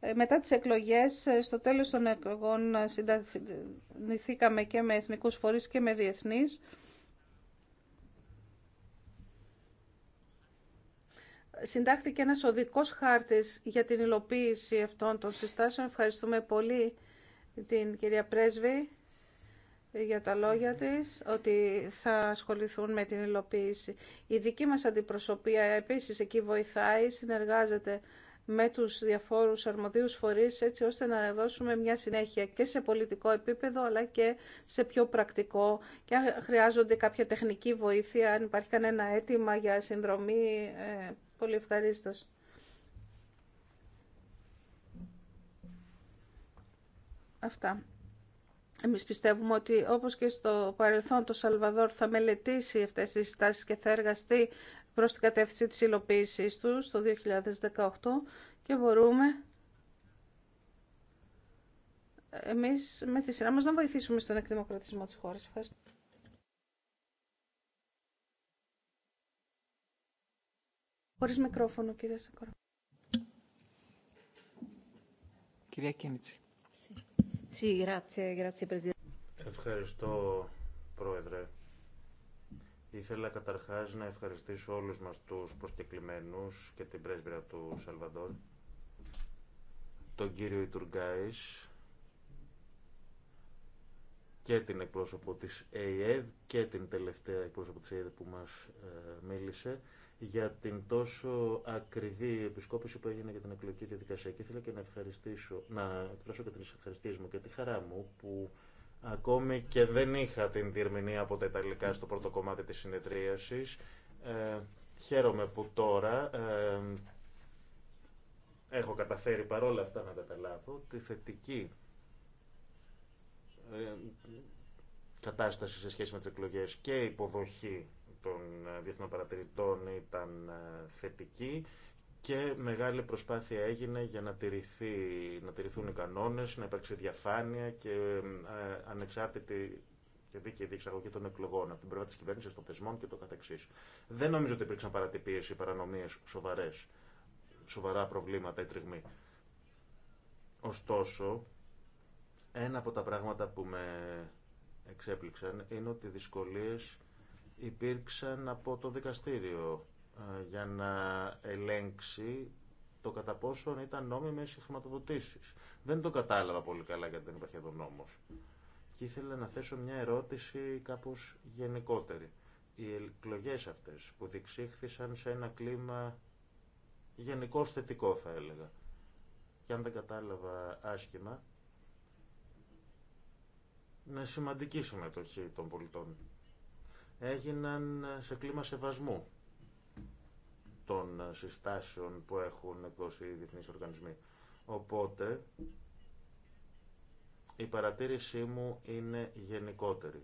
S3: ε, μετά τις εκλογές, στο τέλος των εκλογών συνταθήκαμε και με εθνικούς φορείς και με διεθνείς συντάχθηκε ένας οδικός χάρτης για την υλοποίηση αυτών των συστάσεων. Ευχαριστούμε πολύ την κυρία Πρέσβη για τα λόγια της, ότι θα ασχοληθούν με την υλοποίηση. Η δική μας αντιπροσωπεία επίσης εκεί βοηθάει, συνεργάζεται με τους διαφόρους αρμοδίους φορείς έτσι ώστε να δώσουμε μια συνέχεια και σε πολιτικό επίπεδο αλλά και σε πιο πρακτικό και αν χρειάζονται κάποια τεχνική βοήθεια, αν υπάρχει κανένα αίτημα για συνδρομή ε, Πολύ ευχαρίστω. Αυτά. Εμείς πιστεύουμε ότι όπως και στο παρελθόν το Σαλβαδόρ θα μελετήσει αυτές τις συστάσεις και θα εργαστεί προς την κατεύθυνση της υλοποίησής του το 2018 και μπορούμε εμείς με τη σειρά μας να βοηθήσουμε στον εκδημοκρατισμό της χώρας. Ευχαριστώ. Χωρίς μικρόφωνο, κυρία Σακορά.
S1: Κυρία
S2: Ευχαριστώ, Πρόεδρε. Ήθελα καταρχάς να ευχαριστήσω όλους μας τους προσκεκλημένους και την πρέσβυρα του Σαλβαντόρ, τον κύριο Ιτουργκάης και την εκπρόσωπο της ΕΙΕΔ και την τελευταία εκπρόσωπο της ΕΙΕΔ που μας ε, μίλησε για την τόσο ακριβή επισκόπηση που έγινε για την εκλογική διαδικασία. Και ήθελα και να ευχαριστήσω, να εκφράσω και τι ευχαριστίε μου και τη χαρά μου που ακόμη και δεν είχα την διερμηνία από τα Ιταλικά στο πρώτο κομμάτι της συνεδρίασης. Ε, χαίρομαι που τώρα ε, έχω καταφέρει παρόλα αυτά να καταλάβω τη θετική ε, κατάσταση σε σχέση με τις εκλογές και υποδοχή των ε, διεθνών παρατηρητών ήταν ε, θετική και μεγάλη προσπάθεια έγινε για να, τηρηθεί, να τηρηθούν οι κανόνες, να υπάρξει διαφάνεια και ε, ανεξάρτητη και δίκαιη διεξαγωγή των εκλογών από την πλευρά τη κυβέρνηση, των θεσμών και το καθεξή. Δεν νομίζω ότι υπήρξαν παρατυπίε ή παρανομίε σοβαρέ, σοβαρά προβλήματα ή τριγμοί. Ωστόσο, ένα από τα πράγματα που με εξέπληξαν είναι ότι οι δυσκολίες υπήρξαν από το δικαστήριο ε, για να ελέγξει το κατά πόσο ήταν νόμιμες οι χρηματοδοτήσεις. Δεν το κατάλαβα πολύ καλά γιατί δεν υπάρχει εδώ νόμος. Και ήθελα να θέσω μια ερώτηση κάπως γενικότερη. Οι εκλογέ αυτές που διεξήχθησαν σε ένα κλίμα γενικώ θετικό θα έλεγα. Και αν δεν κατάλαβα άσχημα, με σημαντική συμμετοχή των πολιτών έγιναν σε κλίμα σεβασμού των συστάσεων που έχουν εκδώσει οι διεθνείς οργανισμοί. Οπότε, η παρατήρησή μου είναι γενικότερη.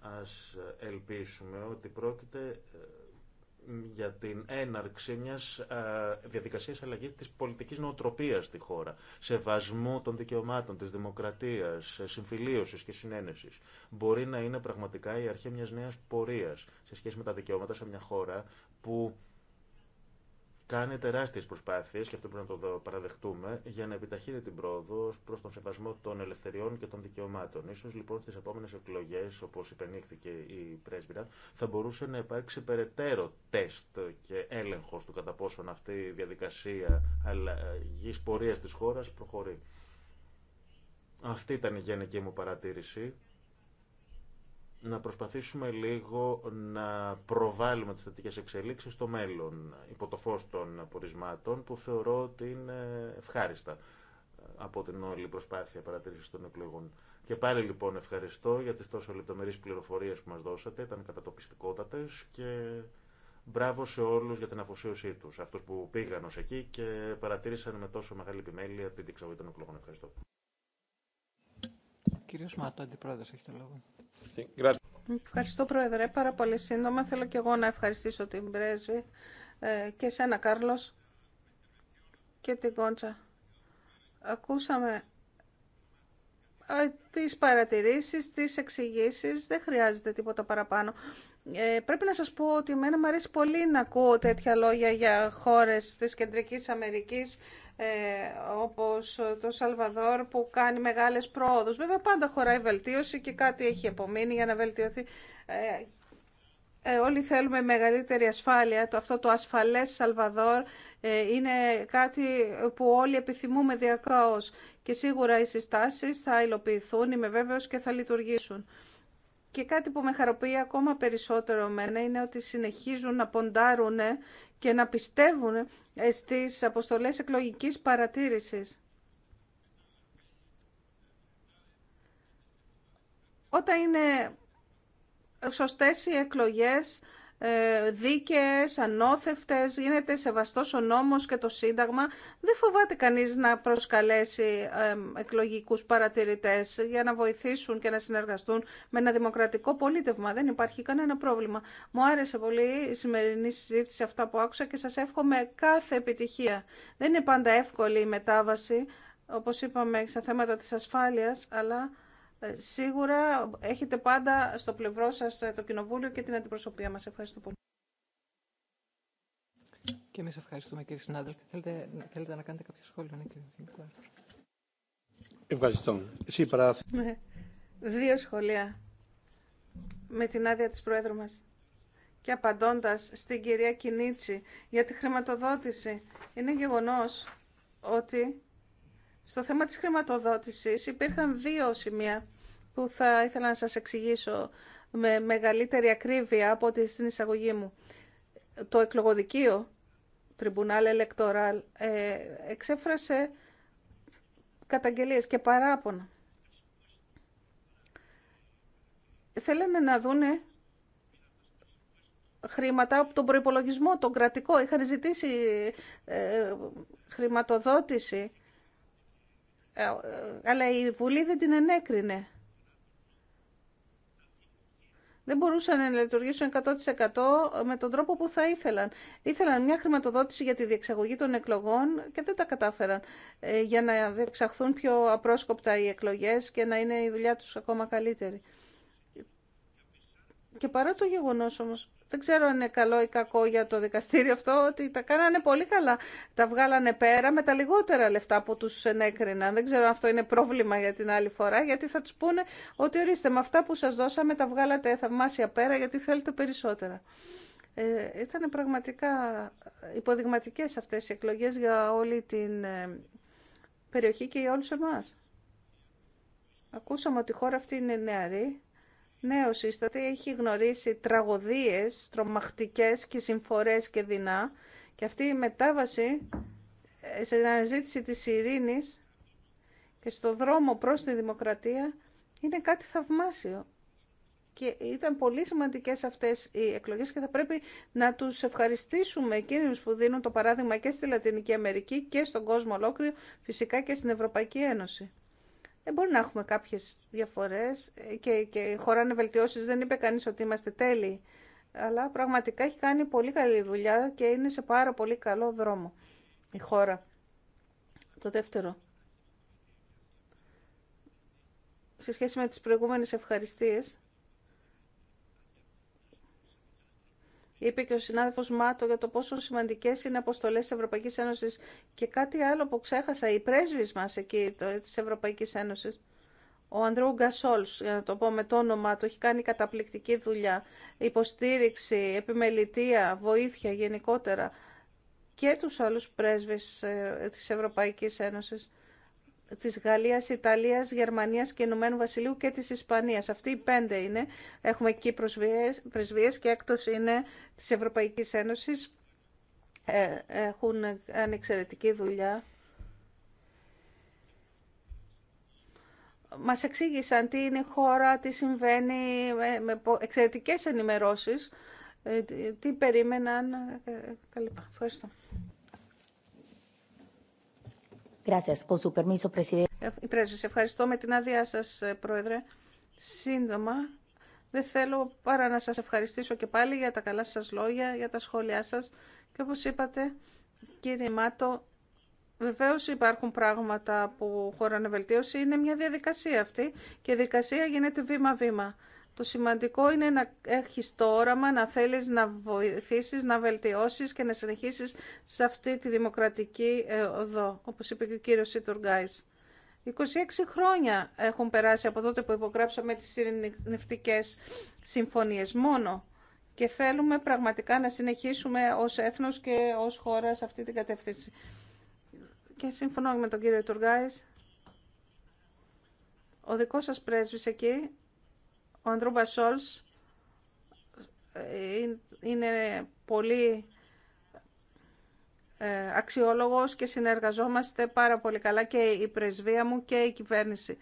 S2: Ας ελπίσουμε ότι πρόκειται ε, για την έναρξη μιας ε, διαδικασίας αλλαγής της πολιτικής νοοτροπίας στη χώρα, σεβασμού των δικαιωμάτων, της δημοκρατίας, ε, συμφιλίωσης και συνένεσης. Μπορεί να είναι πραγματικά η αρχή μιας νέας πορείας σε σχέση με τα δικαιώματα σε μια χώρα που κάνει τεράστιε προσπάθειες, και αυτό πρέπει να το παραδεχτούμε, για να επιταχύνει την πρόοδο προς τον σεβασμό των ελευθεριών και των δικαιωμάτων. Ίσως λοιπόν στι επόμενε εκλογέ, όπως υπενήχθηκε η πρέσβυρα, θα μπορούσε να υπάρξει περαιτέρω τεστ και έλεγχο του κατά πόσον αυτή η διαδικασία αλλαγή ε, πορεία τη χώρα προχωρεί. Αυτή ήταν η γενική μου παρατήρηση να προσπαθήσουμε λίγο να προβάλλουμε τις θετικές εξελίξεις στο μέλλον, υπό το φως των πορισμάτων, που θεωρώ ότι είναι ευχάριστα ε, από την όλη προσπάθεια παρατήρησης των εκλογών. Και πάλι λοιπόν ευχαριστώ για τις τόσο λεπτομερείς πληροφορίες που μας δώσατε, ήταν κατατοπιστικότατες και μπράβο σε όλους για την αφοσίωσή τους, αυτούς που πήγαν ως εκεί και παρατήρησαν με τόσο μεγάλη επιμέλεια την διεξαγωγή των εκλογών. Ευχαριστώ.
S1: Κύριος Μάτο, Αντιπρόεδρος, έχει το
S3: Ευχαριστώ Πρόεδρε, πάρα πολύ σύντομα. Θέλω και εγώ να ευχαριστήσω την πρέσβη ε, και σένα Κάρλος και την Κόντσα. Ακούσαμε τις παρατηρήσεις, τις εξηγήσει, δεν χρειάζεται τίποτα παραπάνω. Ε, πρέπει να σας πω ότι εμένα μου αρέσει πολύ να ακούω τέτοια λόγια για χώρες της Κεντρικής Αμερικής ε, όπως το Σαλβαδόρ που κάνει μεγάλες πρόοδους. Βέβαια πάντα χωράει βελτίωση και κάτι έχει επομείνει για να βελτιωθεί ε, ε, όλοι θέλουμε μεγαλύτερη ασφάλεια. Το, αυτό το ασφαλές Σαλβαδόρ ε, είναι κάτι που όλοι επιθυμούμε διακάως. Και σίγουρα οι συστάσεις θα υλοποιηθούν, είμαι βέβαιος, και θα λειτουργήσουν. Και κάτι που με χαροποιεί ακόμα περισσότερο εμένα είναι ότι συνεχίζουν να ποντάρουν και να πιστεύουν ε, στις αποστολές εκλογικής παρατήρησης. Όταν είναι σωστές οι εκλογές, ε, δίκαιες, ανώθευτες, γίνεται σεβαστός ο νόμος και το Σύνταγμα. Δεν φοβάται κανείς να προσκαλέσει εκλογικούς παρατηρητές για να βοηθήσουν και να συνεργαστούν με ένα δημοκρατικό πολίτευμα. Δεν υπάρχει κανένα πρόβλημα. Μου άρεσε πολύ η σημερινή συζήτηση αυτά που άκουσα και σας εύχομαι κάθε επιτυχία. Δεν είναι πάντα εύκολη η μετάβαση, όπως είπαμε, στα θέματα της ασφάλειας, αλλά ε, σίγουρα έχετε πάντα στο πλευρό σας ε, το Κοινοβούλιο και την αντιπροσωπεία μας. Ευχαριστώ πολύ.
S1: Και εμείς ευχαριστούμε κύριε συνάδελφοι. Θέλετε, θέλετε να κάνετε κάποιο σχόλιο, ναι, Ευχαριστώ.
S3: Εσύ ναι. Δύο σχολεία με την άδεια της Πρόεδρου μας και απαντώντας στην κυρία Κινίτσι για τη χρηματοδότηση. Είναι γεγονός ότι στο θέμα της χρηματοδότησης υπήρχαν δύο σημεία που θα ήθελα να σας εξηγήσω με μεγαλύτερη ακρίβεια από ό,τι στην εισαγωγή μου. Το εκλογοδικείο, Electoral, ε, εξέφρασε καταγγελίες και παράπονα. Θέλανε να δούνε χρήματα από τον προϋπολογισμό, τον κρατικό. Είχαν ζητήσει ε, χρηματοδότηση αλλά η Βουλή δεν την ενέκρινε. Δεν μπορούσαν να λειτουργήσουν 100% με τον τρόπο που θα ήθελαν. Ήθελαν μια χρηματοδότηση για τη διεξαγωγή των εκλογών και δεν τα κατάφεραν ε, για να διεξαχθούν πιο απρόσκοπτα οι εκλογές και να είναι η δουλειά τους ακόμα καλύτερη. Και παρά το γεγονός όμως δεν ξέρω αν είναι καλό ή κακό για το δικαστήριο αυτό, ότι τα κάνανε πολύ καλά. Τα βγάλανε πέρα με τα λιγότερα λεφτά που τους ενέκριναν. Δεν ξέρω αν αυτό είναι πρόβλημα για την άλλη φορά, γιατί θα του πούνε ότι ορίστε με αυτά που σας δώσαμε τα βγάλατε θαυμάσια πέρα γιατί θέλετε περισσότερα. Ε, ήταν πραγματικά υποδειγματικές αυτές οι εκλογές για όλη την ε, περιοχή και για όλους εμάς. Ακούσαμε ότι η χώρα αυτή είναι νεαρή νέο σύστατη έχει γνωρίσει τραγωδίες τρομακτικές και συμφορές και δεινά και αυτή η μετάβαση ε, σε αναζήτηση της ειρήνης και στο δρόμο προς τη δημοκρατία είναι κάτι θαυμάσιο. Και ήταν πολύ σημαντικές αυτές οι εκλογές και θα πρέπει να τους ευχαριστήσουμε εκείνους που δίνουν το παράδειγμα και στη Λατινική Αμερική και στον κόσμο ολόκληρο, φυσικά και στην Ευρωπαϊκή Ένωση. Ε, μπορεί να έχουμε κάποιες διαφορές ε, και, και χωράνε βελτιώσεις. Δεν είπε κάνει ότι είμαστε τέλειοι. Αλλά πραγματικά έχει κάνει πολύ καλή δουλειά και είναι σε πάρα πολύ καλό δρόμο η χώρα. Το δεύτερο. Σε σχέση με τις προηγούμενες ευχαριστίες, είπε και ο συνάδελφος Μάτο για το πόσο σημαντικέ είναι αποστολέ τη Ευρωπαϊκή Ένωση και κάτι άλλο που ξέχασα, οι πρέσβεις μα εκεί τη Ευρωπαϊκή Ένωση. Ο Ανδρού Γκασόλ, για να το πω με το όνομά του, έχει κάνει καταπληκτική δουλειά, υποστήριξη, επιμελητεία, βοήθεια γενικότερα και τους άλλους πρέσβεις ε, της Ευρωπαϊκής Ένωσης της Γαλλίας, Ιταλίας, Γερμανίας και Ηνωμένου Βασιλείου και της Ισπανίας. Αυτοί οι πέντε είναι. Έχουμε εκεί πρεσβείες και έκτος είναι της Ευρωπαϊκής Ένωσης. Ε, έχουν ανεξαιρετική δουλειά. Μας εξήγησαν τι είναι η χώρα, τι συμβαίνει, με εξαιρετικές ενημερώσεις, ε, τι περίμεναν ε, κλπ. Ευχαριστώ. Gracias. Ε, ευχαριστώ με την άδειά σα, ε, Πρόεδρε. Σύντομα, δεν θέλω παρά να σας ευχαριστήσω και πάλι για τα καλά σας λόγια, για τα σχόλιά σας. Και όπως είπατε, κύριε Μάτο, βεβαίως υπάρχουν πράγματα που χωράνε βελτίωση. Είναι μια διαδικασία αυτή και η διαδικασία γίνεται βήμα-βήμα. Το σημαντικό είναι να έχεις το όραμα, να θέλεις να βοηθήσεις, να βελτιώσεις και να συνεχίσεις σε αυτή τη δημοκρατική ε, οδό, όπως είπε και ο κύριος Σιτουργκάης. 26 χρόνια έχουν περάσει από τότε που υπογράψαμε τις ειρηνευτικές συμφωνίες μόνο και θέλουμε πραγματικά να συνεχίσουμε ως έθνος και ως χώρα σε αυτή την κατεύθυνση. Και συμφωνώ με τον κύριο Τουργάης. Ο δικός σας πρέσβης εκεί ο Αντρούμπα Σόλς ε, είναι πολύ ε, αξιόλογος και συνεργαζόμαστε πάρα πολύ καλά και η πρεσβεία μου και η κυβέρνηση.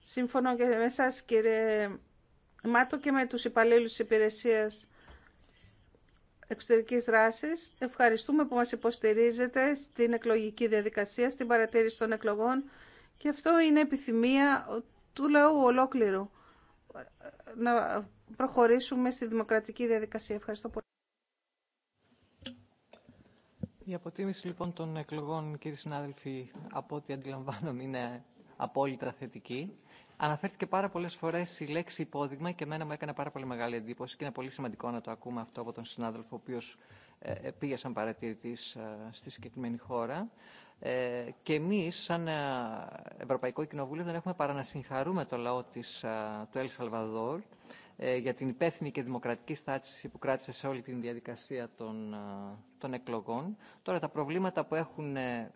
S3: Σύμφωνο και με εσάς κύριε Μάτο και με τους υπαλλήλους υπηρεσίας Εξωτερικής Δράσης. Ευχαριστούμε που μας υποστηρίζετε στην εκλογική διαδικασία, στην παρατήρηση των εκλογών και αυτό είναι επιθυμία του λαού ολόκληρου να προχωρήσουμε στη δημοκρατική διαδικασία. Ευχαριστώ πολύ. Η αποτίμηση
S1: λοιπόν των εκλογών, κύριοι συνάδελφοι, από ό,τι αντιλαμβάνομαι είναι απόλυτα θετική. Αναφέρθηκε πάρα πολλέ φορέ η λέξη υπόδειγμα και εμένα μου έκανε πάρα πολύ μεγάλη εντύπωση και είναι πολύ σημαντικό να το ακούμε αυτό από τον συνάδελφο, ο οποίο ε, ε, πήγε σαν παρατηρητή ε, στη συγκεκριμένη χώρα. Ε, και εμεί, σαν ε, Ευρωπαϊκό Κοινοβούλιο, δεν έχουμε παρά να συγχαρούμε το λαό της, του Ελ Σαλβαδόρ για την υπεύθυνη και δημοκρατική στάση που κράτησε σε όλη την διαδικασία των, των εκλογών. Τώρα τα προβλήματα που έχουν ε,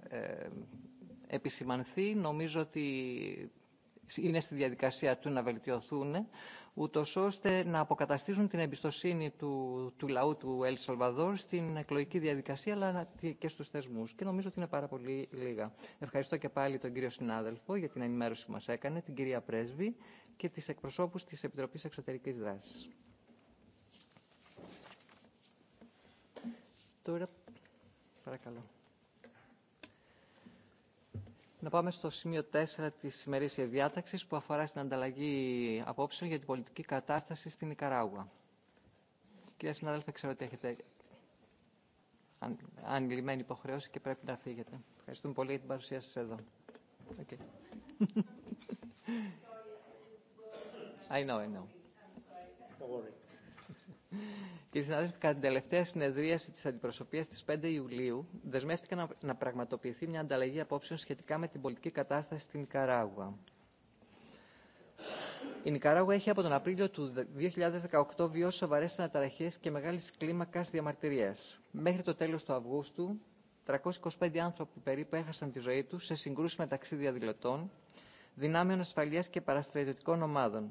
S1: επισημανθεί νομίζω ότι είναι στη διαδικασία του να βελτιωθούν, ούτω ώστε να αποκαταστήσουν την εμπιστοσύνη του, του λαού του Ελ Σαλβαδόρ στην εκλογική διαδικασία αλλά και στου θεσμού. Και νομίζω ότι είναι πάρα πολύ λίγα. Ευχαριστώ και πάλι τον κύριο συνάδελφο για την ενημέρωση που μα έκανε, την κυρία Πρέσβη και τις εκπροσώπους τη επιτροπή εξωτερική δράση. Τώρα, παρακαλώ. Να πάμε στο σημείο 4 της ημερήσιας διάταξης που αφορά στην ανταλλαγή απόψεων για την πολιτική κατάσταση στην Ικαράγουα. Κυρία συνάδελφε, ξέρω ότι έχετε ανηλυμένη υποχρέωση και πρέπει να φύγετε. Ευχαριστούμε πολύ για την παρουσία σας εδώ. Okay. I know, I know οι συνάδελφοι κατά την τελευταία συνεδρίαση τη αντιπροσωπεία τη 5 Ιουλίου δεσμεύτηκαν να, να πραγματοποιηθεί μια ανταλλαγή απόψεων σχετικά με την πολιτική κατάσταση στην Νικαράγουα. Η Νικαράγουα έχει από τον Απρίλιο του 2018 βιώσει σοβαρέ αναταραχέ και μεγάλη κλίμακα διαμαρτυρία. Μέχρι το τέλο του Αυγούστου, 325 άνθρωποι περίπου έχασαν τη ζωή του σε συγκρούσει μεταξύ διαδηλωτών, δυνάμεων ασφαλεία και παραστρατιωτικών ομάδων.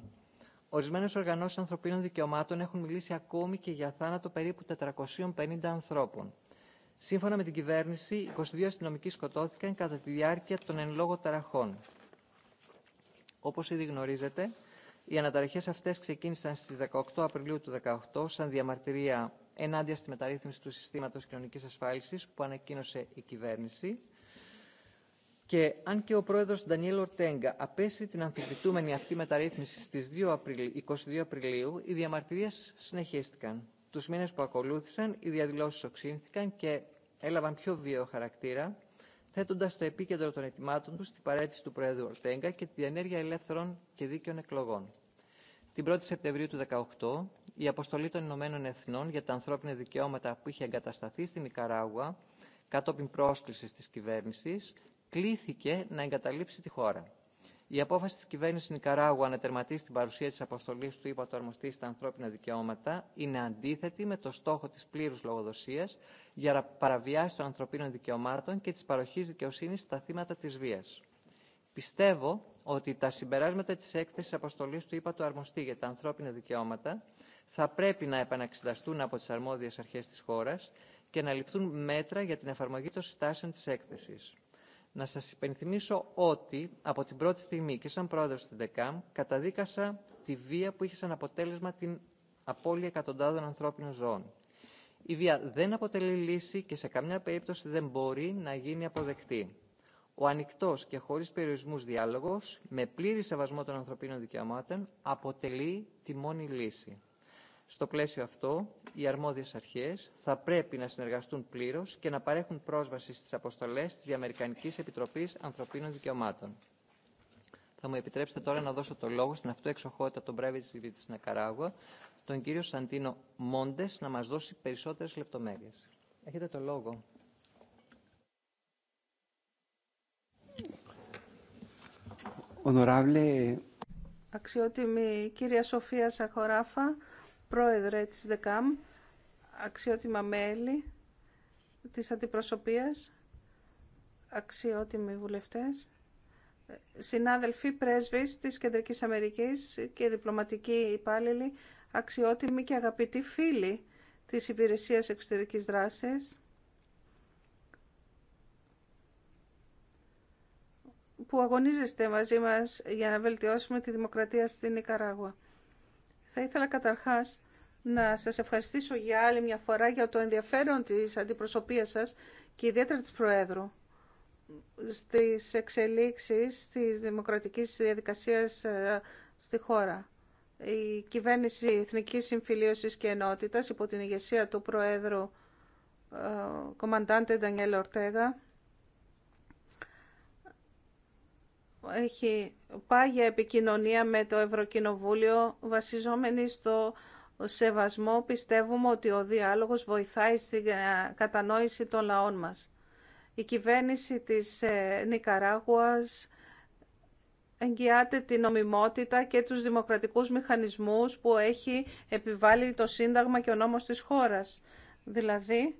S1: Ορισμένε οργανώσει ανθρωπίνων δικαιωμάτων έχουν μιλήσει ακόμη και για θάνατο περίπου 450 ανθρώπων. Σύμφωνα με την κυβέρνηση, 22 αστυνομικοί σκοτώθηκαν κατά τη διάρκεια των εν λόγω ταραχών. Όπω ήδη γνωρίζετε, οι αναταραχέ αυτέ ξεκίνησαν στι 18 Απριλίου του 2018 σαν διαμαρτυρία ενάντια στη μεταρρύθμιση του συστήματο κοινωνική ασφάλιση που ανακοίνωσε η κυβέρνηση και αν και ο πρόεδρος Ντανιέλ Ορτέγκα απέσυρε την αμφισβητούμενη αυτή μεταρρύθμιση στις 2 Απριλίου, 22 Απριλίου, οι διαμαρτυρίες συνεχίστηκαν. Τους μήνες που ακολούθησαν, οι διαδηλώσεις οξύνθηκαν και έλαβαν πιο βίαιο χαρακτήρα, θέτοντα το επίκεντρο των ετοιμάτων του στην παρέτηση του Προέδρου Ορτέγκα και την ενέργεια ελεύθερων και δίκαιων εκλογών. Την 1η Σεπτεμβρίου του 2018, η αποστολή των Ηνωμένων Εθνών για τα ανθρώπινα δικαιώματα που είχε εγκατασταθεί στην Ικαράγουα κατόπιν πρόσκληση τη κυβέρνηση, κλήθηκε να εγκαταλείψει τη χώρα. Η απόφαση τη κυβέρνηση Νικαράγουα να τερματίσει την παρουσία τη αποστολή του ΥΠΑ του Αρμοστή στα ανθρώπινα δικαιώματα είναι αντίθετη με το στόχο τη πλήρου λογοδοσία για παραβιάσει των ανθρωπίνων δικαιωμάτων και τη παροχή δικαιοσύνη στα θύματα τη βία. Πιστεύω ότι τα συμπεράσματα τη έκθεση αποστολή του ΥΠΑ του Αρμοστή για τα ανθρώπινα δικαιώματα θα πρέπει να επαναξεταστούν από τι αρμόδιε αρχέ τη χώρα και να ληφθούν μέτρα για την εφαρμογή των συστάσεων τη έκθεση να σας υπενθυμίσω ότι από την πρώτη στιγμή και σαν πρόεδρος του ΔΕΚΑΜ καταδίκασα τη βία που είχε σαν αποτέλεσμα την απώλεια εκατοντάδων ανθρώπινων ζώων. Η βία δεν αποτελεί λύση και σε καμιά περίπτωση δεν μπορεί να γίνει αποδεκτή. Ο ανοιχτό και χωρί περιορισμού διάλογο, με πλήρη σεβασμό των ανθρωπίνων δικαιωμάτων, αποτελεί τη μόνη λύση. Στο πλαίσιο αυτό, οι αρμόδιες αρχές θα πρέπει να συνεργαστούν πλήρως και να παρέχουν πρόσβαση στις αποστολές της Διαμερικανικής Επιτροπής Ανθρωπίνων Δικαιωμάτων. Θα μου επιτρέψετε τώρα να δώσω το λόγο στην αυτοεξοχότητα των τη της Νακαράγουα, τον κύριο Σαντίνο Μόντες, να μας δώσει περισσότερες λεπτομέρειες. Έχετε το λόγο.
S3: Αξιότιμη κυρία Σοφία Σαχοράφα, πρόεδρε της ΔΕΚΑΜ, αξιότιμα μέλη της αντιπροσωπείας, αξιότιμοι βουλευτές, συνάδελφοι πρέσβεις της Κεντρικής Αμερικής και διπλωματικοί υπάλληλοι, αξιότιμοι και αγαπητοί φίλοι της Υπηρεσίας Εξωτερικής Δράσης, που αγωνίζεστε μαζί μας για να βελτιώσουμε τη δημοκρατία στην Ικαράγουα. Θα ήθελα καταρχάς να σας ευχαριστήσω για άλλη μια φορά για το ενδιαφέρον της αντιπροσωπείας σας και ιδιαίτερα της Προέδρου στις εξελίξεις της δημοκρατικής διαδικασίας ε, στη χώρα. Η κυβέρνηση Εθνικής Συμφιλίωσης και Ενότητας υπό την ηγεσία του Προέδρου ε, Κομμαντάντε Ντανιέλ Ορτέγα έχει πάει για επικοινωνία με το Ευρωκοινοβούλιο βασιζόμενη στο σεβασμό πιστεύουμε ότι ο διάλογος βοηθάει στην ε, κατανόηση των λαών μας. Η κυβέρνηση της ε, Νικαράγουας εγγυάται την νομιμότητα και τους δημοκρατικούς μηχανισμούς που έχει επιβάλει το Σύνταγμα και ο νόμος της χώρας, δηλαδή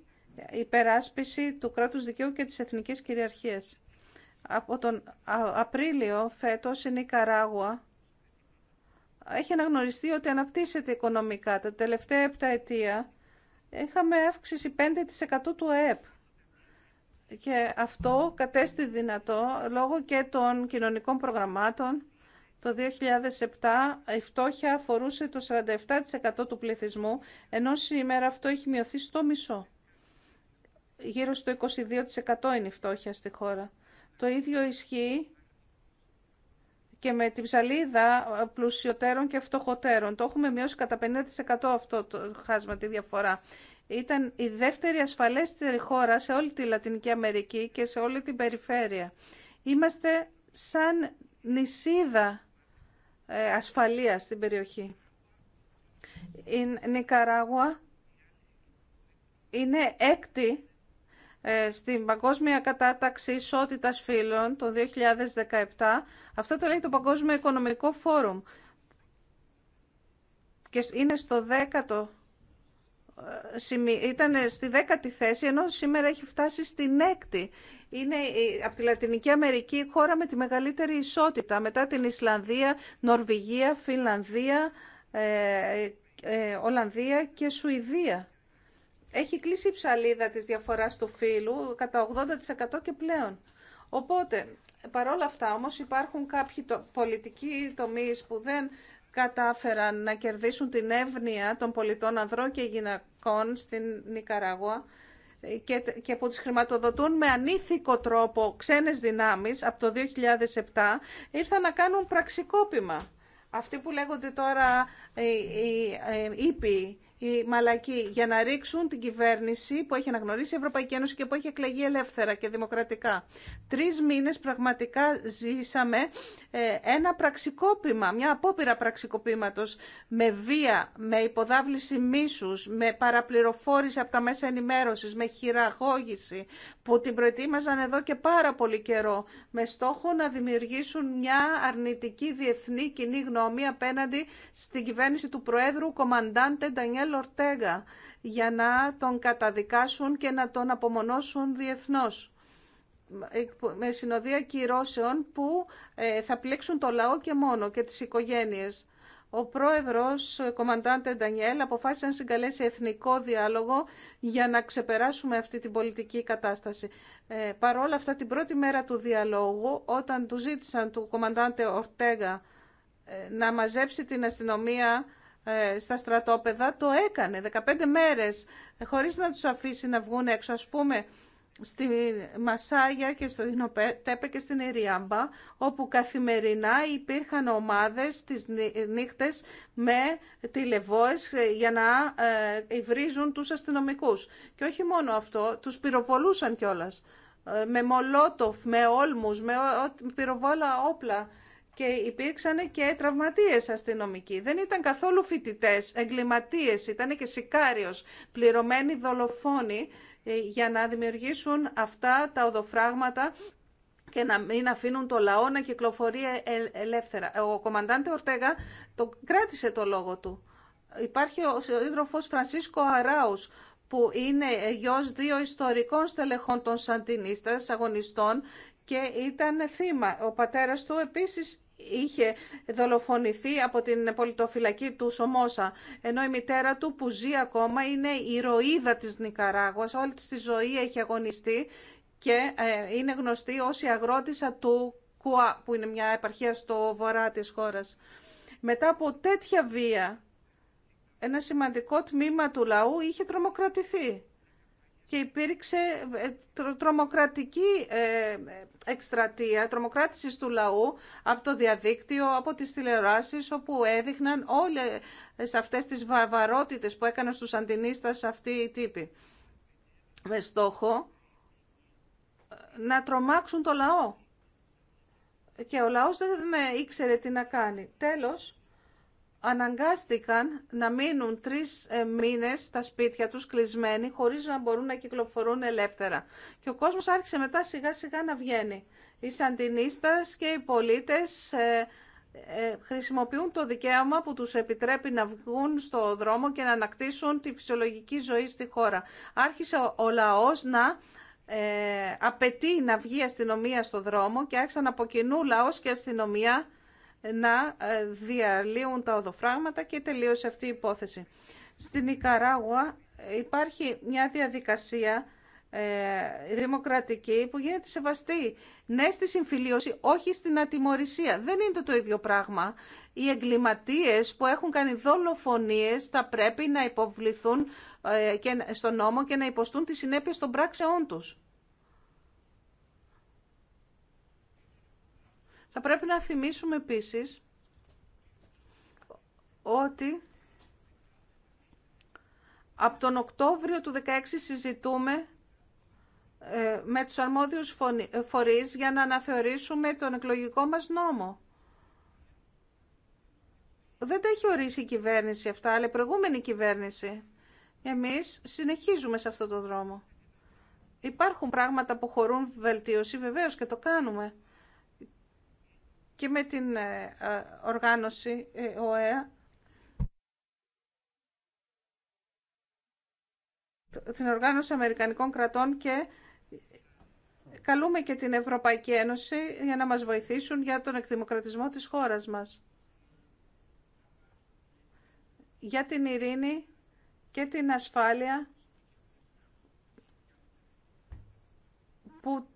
S3: η υπεράσπιση του κράτους δικαίου και της εθνικής κυριαρχίας. Από τον Απρίλιο φέτος η Νικαράγουα έχει αναγνωριστεί ότι αναπτύσσεται οικονομικά. Τα τελευταία επτά ετία είχαμε αύξηση 5% του ΑΕΠ. Και αυτό κατέστη δυνατό λόγω και των κοινωνικών προγραμμάτων. Το 2007 η φτώχεια αφορούσε το 47% του πληθυσμού, ενώ σήμερα αυτό έχει μειωθεί στο μισό. Γύρω στο 22% είναι η φτώχεια στη χώρα. Το ίδιο ισχύει και με την ψαλίδα ε, πλουσιωτέρων και φτωχοτέρων. Το έχουμε μειώσει κατά 50% αυτό το χάσμα, τη διαφορά. Ήταν η δεύτερη ασφαλέστερη χώρα σε όλη τη Λατινική Αμερική και σε όλη την περιφέρεια. Είμαστε σαν νησίδα ε, ασφαλείας στην περιοχή. Η Νικαράγουα είναι έκτη ε, στην Παγκόσμια Κατάταξη Ισότητας Φύλων το 2017. Αυτό το λέει το Παγκόσμιο Οικονομικό Φόρουμ. Και είναι στο 10 ε, ήταν στη δέκατη θέση, ενώ σήμερα έχει φτάσει στην έκτη. Είναι από τη Λατινική Αμερική η χώρα με τη μεγαλύτερη ισότητα, μετά την Ισλανδία, Νορβηγία, Φινλανδία, ε, Ολλανδία και Σουηδία έχει κλείσει η ψαλίδα της διαφοράς του φύλου κατά 80% και πλέον. Οπότε, παρόλα αυτά όμως υπάρχουν κάποιοι πολιτικοί τομείς που δεν κατάφεραν να κερδίσουν την εύνοια των πολιτών ανδρών και γυναικών στην Νικαράγουα και που τις χρηματοδοτούν με ανήθικο τρόπο ξένες δυνάμεις από το 2007 ήρθαν να κάνουν πραξικόπημα. Αυτοί που λέγονται τώρα οι ήπιοι οι μαλακοί για να ρίξουν την κυβέρνηση που έχει αναγνωρίσει η Ευρωπαϊκή Ένωση και που έχει εκλεγεί ελεύθερα και δημοκρατικά. Τρει μήνε πραγματικά ζήσαμε ε, ένα πραξικόπημα, μια απόπειρα πραξικοπήματο με βία, με υποδάβληση μίσου, με παραπληροφόρηση από τα μέσα ενημέρωση, με χειραγώγηση που την προετοίμαζαν εδώ και πάρα πολύ καιρό με στόχο να δημιουργήσουν μια αρνητική διεθνή κοινή γνώμη απέναντι στην κυβέρνηση του Προέδρου Κομαντάντε Ντανιέλ Ορτέγα για να τον καταδικάσουν και να τον απομονώσουν διεθνώς με συνοδεία κυρώσεων που ε, θα πλήξουν το λαό και μόνο και τις οικογένειες. Ο πρόεδρος, ο ε, κομμαντάντε Ντανιέλ, αποφάσισε να συγκαλέσει εθνικό διάλογο για να ξεπεράσουμε αυτή την πολιτική κατάσταση. Ε, παρόλα αυτά, την πρώτη μέρα του διαλόγου, όταν του ζήτησαν του κομμαντάντε Ορτέγα να μαζέψει την αστυνομία ε, στα στρατόπεδα το έκανε 15 μέρες χωρίς να τους αφήσει να βγουν έξω ας πούμε στη Μασάγια και στο Ινοπέτεπε και στην Εριάμπα όπου καθημερινά υπήρχαν ομάδες τις νύχτες με τηλεβόες για να ε, υβρίζουν τους αστυνομικούς και όχι μόνο αυτό, τους πυροβολούσαν κιόλας ε, με μολότοφ, με όλμους, με πυροβόλα όπλα και υπήρξαν και τραυματίες αστυνομικοί. Δεν ήταν καθόλου φοιτητέ, εγκληματίες, ήταν και σικάριος, πληρωμένοι δολοφόνοι ε, για να δημιουργήσουν αυτά τα οδοφράγματα και να μην αφήνουν το λαό να κυκλοφορεί ε, ε, ελεύθερα. Ο κομμαντάντε Ορτέγα το κράτησε το λόγο του. Υπάρχει ο σύντροφος Φρανσίσκο Αράους, που είναι γιος δύο ιστορικών στελεχών των Σαντινίστας, αγωνιστών, και ήταν θύμα. Ο πατέρας του επίσης είχε δολοφονηθεί από την πολιτοφυλακή του Σομόσα. Ενώ η μητέρα του που ζει ακόμα είναι η ροήδα της Νικαράγουας, όλη της τη ζωή έχει αγωνιστεί και ε, είναι γνωστή ως η αγρότησα του Κουά, που είναι μια επαρχία στο βορρά της χώρας. Μετά από τέτοια βία, ένα σημαντικό τμήμα του λαού είχε τρομοκρατηθεί και υπήρξε ε, τρομοκρατική ε, εκστρατεία, τρομοκράτηση του λαού από το διαδίκτυο, από τις τηλεοράσεις, όπου έδειχναν όλες αυτές τις βαρβαρότητες που έκαναν στους αντινίστας αυτή η τύπη. Με στόχο ε, να τρομάξουν το λαό. Και ο λαός δεν ήξερε τι να κάνει. Τέλος, αναγκάστηκαν να μείνουν τρεις ε, μήνες στα σπίτια τους κλεισμένοι χωρίς να μπορούν να κυκλοφορούν ελεύθερα. Και ο κόσμος άρχισε μετά σιγά σιγά να βγαίνει. Οι σαντινίστας και οι πολίτες ε, ε, χρησιμοποιούν το δικαίωμα που τους επιτρέπει να βγουν στο δρόμο και να ανακτήσουν τη φυσιολογική ζωή στη χώρα. Άρχισε ο λαός να απαιτεί να βγει αστυνομία στο δρόμο και άρχισαν από κοινού λαός και αστυνομία να ε, διαλύουν τα οδοφράγματα και τελείωσε αυτή η υπόθεση. Στην Ικαράγουα υπάρχει μια διαδικασία ε, δημοκρατική που γίνεται σεβαστή. Ναι στη συμφιλίωση, όχι στην ατιμορρησία. Δεν είναι το, το ίδιο πράγμα. Οι εγκληματίες που έχουν κάνει δολοφονίες θα πρέπει να υποβληθούν ε, και στον νόμο και να υποστούν τις συνέπειες των πράξεών τους. Θα πρέπει να θυμίσουμε επίσης ότι από τον Οκτώβριο του 2016 συζητούμε ε, με τους αρμόδιους ε, φορείς για να αναθεωρήσουμε τον εκλογικό μας νόμο. Δεν τα έχει ορίσει η κυβέρνηση αυτά, αλλά η προηγούμενη κυβέρνηση. Εμείς συνεχίζουμε σε αυτό το δρόμο. Υπάρχουν πράγματα που χωρούν βελτίωση, βεβαίως και το κάνουμε και με την ε, ε, οργάνωση ε, ΟΕΑ την Οργάνωση Αμερικανικών Κρατών και καλούμε και την Ευρωπαϊκή Ένωση για να μας βοηθήσουν για τον εκδημοκρατισμό της χώρας μας. Για την ειρήνη και την ασφάλεια που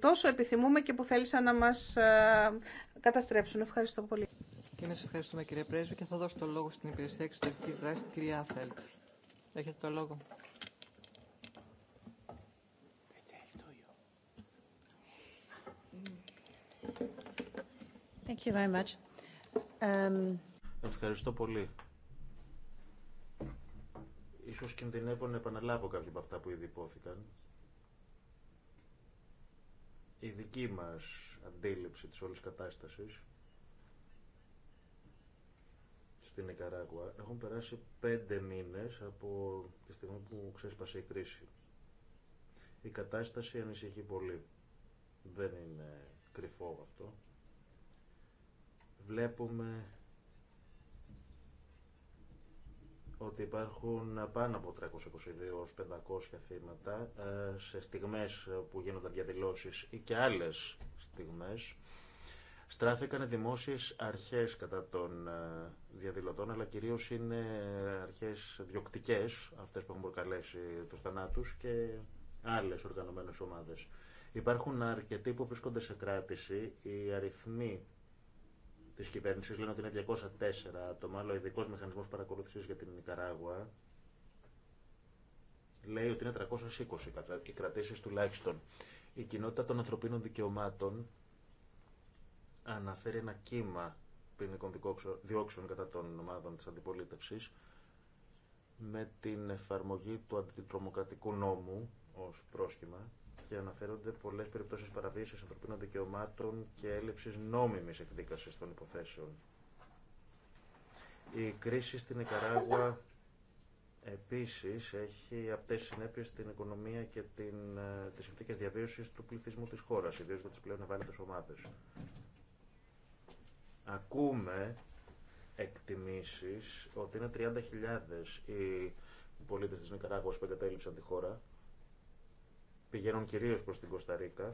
S3: τόσο επιθυμούμε και που θέλησαν να μας καταστρέψουν. Ευχαριστώ πολύ. Και σα
S1: ευχαριστούμε κύριε Πρέσβη και θα δώσω το λόγο στην υπηρεσία εξωτερική δράση, την κυρία Άφελτ. Έχετε το λόγο.
S2: Thank you very much. Um... Ευχαριστώ πολύ. Ίσως κινδυνεύω να επαναλάβω κάποια από αυτά που ήδη υπόθηκαν. Η δική μας αντίληψη της όλης κατάστασης στην Ικαράγουα έχουν περάσει πέντε μήνες από τη στιγμή που ξέσπασε η κρίση. Η κατάσταση ανησυχεί πολύ. Δεν είναι κρυφό αυτό. Βλέπουμε ότι υπάρχουν πάνω από 322 500 θύματα ε, σε στιγμές που γίνονται διαδηλώσεις ή και άλλες στιγμές στράφηκαν δημόσιες αρχές κατά των ε, διαδηλωτών, αλλά κυρίως είναι αρχές διοκτικές, αυτές που έχουν προκαλέσει τους θανάτους και άλλες οργανωμένες ομάδες. Υπάρχουν αρκετοί που βρίσκονται σε κράτηση. Οι αριθμοί τη κυβέρνηση λένε ότι είναι 204 άτομα, αλλά ο ειδικό μηχανισμό παρακολούθηση για την Νικαράγουα λέει ότι είναι 320 οι κρατήσει τουλάχιστον. Η κοινότητα των ανθρωπίνων δικαιωμάτων αναφέρει ένα κύμα ποινικών διώξεων κατά των ομάδων της αντιπολίτευσης με την εφαρμογή του αντιτρομοκρατικού νόμου ως πρόσχημα και αναφέρονται πολλές περιπτώσεις παραβίασης ανθρωπίνων δικαιωμάτων και έλλειψης νόμιμης εκδίκασης των υποθέσεων. Η κρίση στην Ικαράγουα Επίσης, έχει απτές συνέπειες στην οικονομία και την, ε, τις συνθήκες διαβίωσης του πληθυσμού της χώρας, ιδίως για τις πλέον ευάλωτες ομάδες. Ακούμε εκτιμήσεις ότι είναι 30.000 οι πολίτες της Νικαράγουας που εγκατέλειψαν τη χώρα. Πηγαίνουν κυρίως προς την Κωνσταντίνα.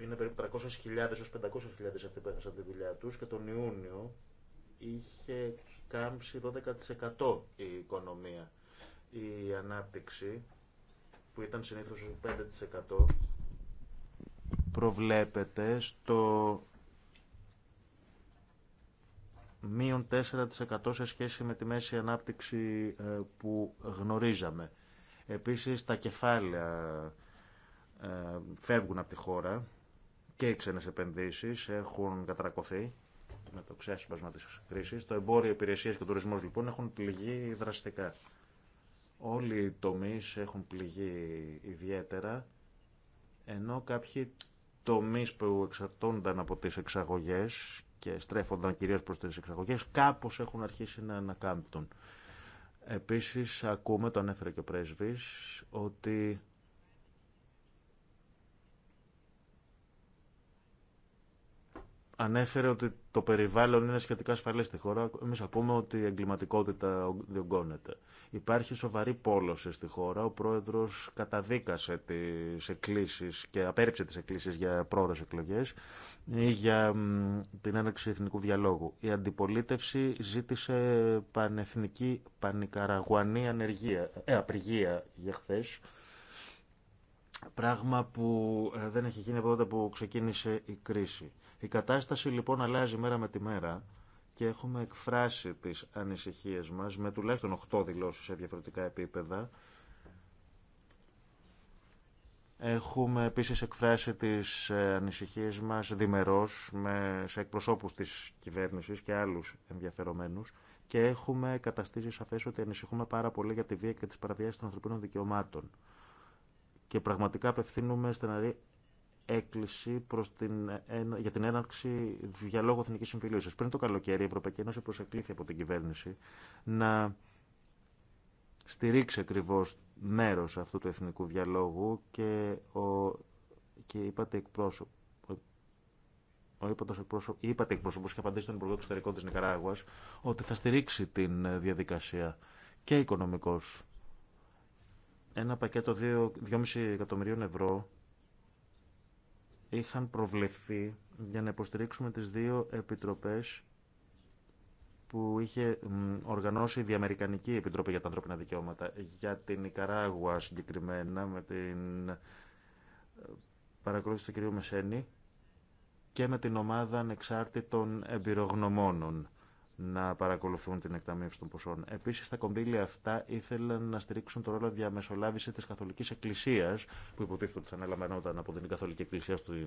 S2: είναι περίπου 300.000 έως 500.000 αυτοί που έχασαν τη δουλειά τους και τον Ιούνιο είχε κάμψει 12% η οικονομία. Η ανάπτυξη που ήταν συνήθως 5% προβλέπεται στο μείον 4% σε σχέση με τη μέση ανάπτυξη ε, που γνωρίζαμε. Επίσης τα κεφάλαια ε, φεύγουν από τη χώρα και οι ξένες επενδύσεις έχουν κατρακωθεί με το ξέσπασμα της κρίσης. Το εμπόριο, υπηρεσίες και ο τουρισμός λοιπόν έχουν πληγεί δραστικά. Όλοι οι τομείς έχουν πληγεί ιδιαίτερα, ενώ κάποιοι τομείς που εξαρτώνταν από τις εξαγωγές και στρέφονταν κυρίως προς τις εξαγωγές, κάπως έχουν αρχίσει να ανακάμπτουν. Επίσης, ακούμε, το ανέφερε και ο πρέσβης, ότι ανέφερε ότι το περιβάλλον είναι σχετικά ασφαλή στη χώρα. Εμείς ακούμε ότι η εγκληματικότητα διωγγώνεται. Υπάρχει σοβαρή πόλωση στη χώρα. Ο πρόεδρος καταδίκασε τις εκκλήσεις και απέρριψε τις εκκλήσεις για πρόορες εκλογές ή για την έναρξη εθνικού διαλόγου. Η αντιπολίτευση ζήτησε πανεθνική πανικαραγουανή ανεργία, ε, για χθε, Πράγμα που ε, δεν έχει γίνει από τότε που ξεκίνησε η κρίση. Η κατάσταση λοιπόν αλλάζει μέρα με τη μέρα και έχουμε εκφράσει τις ανησυχίες μας με τουλάχιστον 8 δηλώσεις σε διαφορετικά επίπεδα. Έχουμε επίσης εκφράσει τις ε, ανησυχίες μας διμερώς με, σε εκπροσώπους της κυβέρνησης και άλλους ενδιαφερομένους και έχουμε καταστήσει σαφές ότι ανησυχούμε πάρα πολύ για τη βία και τις παραβιάσεις των ανθρωπίνων δικαιωμάτων. Και πραγματικά απευθύνουμε στεναρή έκκληση προς την, για την έναρξη διαλόγου εθνικής συμφιλίωσης. Πριν το καλοκαίρι η Ευρωπαϊκή Ένωση προσεκλήθη από την κυβέρνηση να στηρίξει ακριβώ μέρος αυτού του εθνικού διαλόγου και, ο, και είπατε εκπρόσωπο. είπατε εκπρόσωπο και απαντήσει στον Υπουργό Εξωτερικών τη Νικαράγουα ότι θα στηρίξει την διαδικασία και οικονομικώ. Ένα πακέτο 2,5 εκατομμυρίων ευρώ είχαν προβλεφθεί για να υποστηρίξουμε τις δύο επιτροπές που είχε οργανώσει η Διαμερικανική Επιτροπή για τα Ανθρώπινα Δικαιώματα για την Ικαράγουα συγκεκριμένα με την ε, παρακολούθηση του κυρίου Μεσένη και με την ομάδα ανεξάρτητων εμπειρογνωμόνων να παρακολουθούν την εκταμείευση των ποσών. Επίση, τα κονδύλια αυτά ήθελαν να στηρίξουν το ρόλο διαμεσολάβηση τη Καθολική Εκκλησία, που υποτίθεται ότι θα αναλαμβανόταν από την Καθολική Εκκλησία στην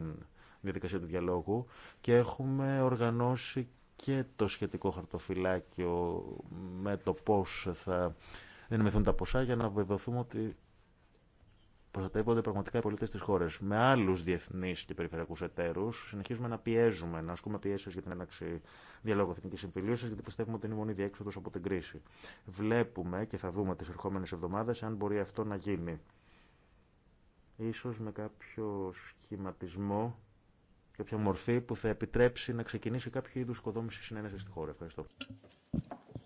S2: διαδικασία του διαλόγου. Και έχουμε οργανώσει και το σχετικό χαρτοφυλάκιο με το πώ θα ενημεθούν τα ποσά για να βεβαιωθούμε ότι προστατεύονται πραγματικά οι πολίτε τη χώρα. Με άλλου διεθνεί και περιφερειακού εταίρου συνεχίζουμε να πιέζουμε, να ασκούμε πιέσει για την έναξη διαλόγου εθνική συμφιλίωση, γιατί πιστεύουμε ότι είναι η μονή διέξοδο από την κρίση. Βλέπουμε και θα δούμε τι ερχόμενε εβδομάδε αν μπορεί αυτό να γίνει. σω με κάποιο σχηματισμό κάποια μορφή που θα επιτρέψει να ξεκινήσει κάποιο είδου οικοδόμηση συνένεση στη χώρα. Ευχαριστώ.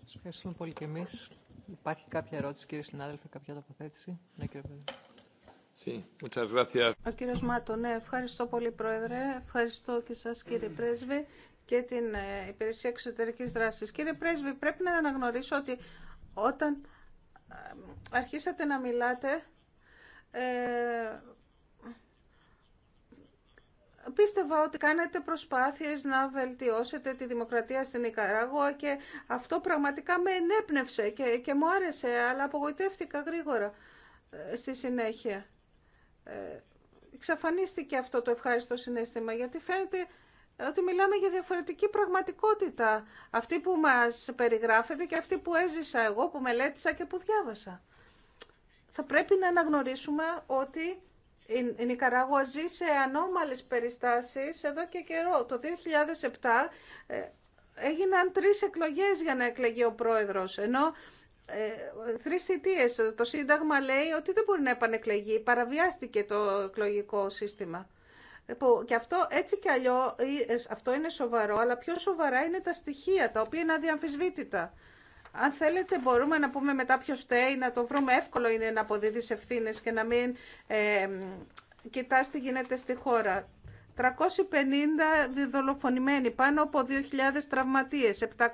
S1: Σα ευχαριστούμε πολύ και εμεί. Υπάρχει κάποια ερώτηση, κύριε συνάδελφε, κάποια τοποθέτηση. Ναι,
S3: ο κύριος Μάτο, ναι, ευχαριστώ πολύ Πρόεδρε, ευχαριστώ και σας κύριε Πρέσβη και την ε, Υπηρεσία εξωτερική Δράσης. Κύριε Πρέσβη, πρέπει να αναγνωρίσω ότι όταν ε, αρχίσατε να μιλάτε, ε, πίστευα ότι κάνετε προσπάθειες να βελτιώσετε τη δημοκρατία στην Ικαράγουα και αυτό πραγματικά με ενέπνευσε και, και μου άρεσε, αλλά απογοητεύτηκα γρήγορα ε, στη συνέχεια. Ε, εξαφανίστηκε αυτό το ευχάριστο συνέστημα, γιατί φαίνεται ότι μιλάμε για διαφορετική πραγματικότητα, αυτή που μας περιγράφεται και αυτή που έζησα εγώ, που μελέτησα και που διάβασα. Θα πρέπει να αναγνωρίσουμε ότι η Νικαράγουα ζει σε ανώμαλες περιστάσεις εδώ και καιρό. Το 2007 ε, έγιναν τρεις εκλογές για να εκλεγεί ο πρόεδρος, ενώ ε, Τρει θητείε. Το Σύνταγμα λέει ότι δεν μπορεί να επανεκλεγεί. Παραβιάστηκε το εκλογικό σύστημα. Και αυτό έτσι κι αλλιώ ε, αυτό είναι σοβαρό, αλλά πιο σοβαρά είναι τα στοιχεία, τα οποία είναι αδιαμφισβήτητα. Αν θέλετε μπορούμε να πούμε μετά ποιο στέει, να το βρούμε εύκολο είναι να αποδίδει ευθύνε και να μην ε, κοιτάς τι γίνεται στη χώρα. 350 διδολοφονημένοι, πάνω από 2.000 τραυματίες, 700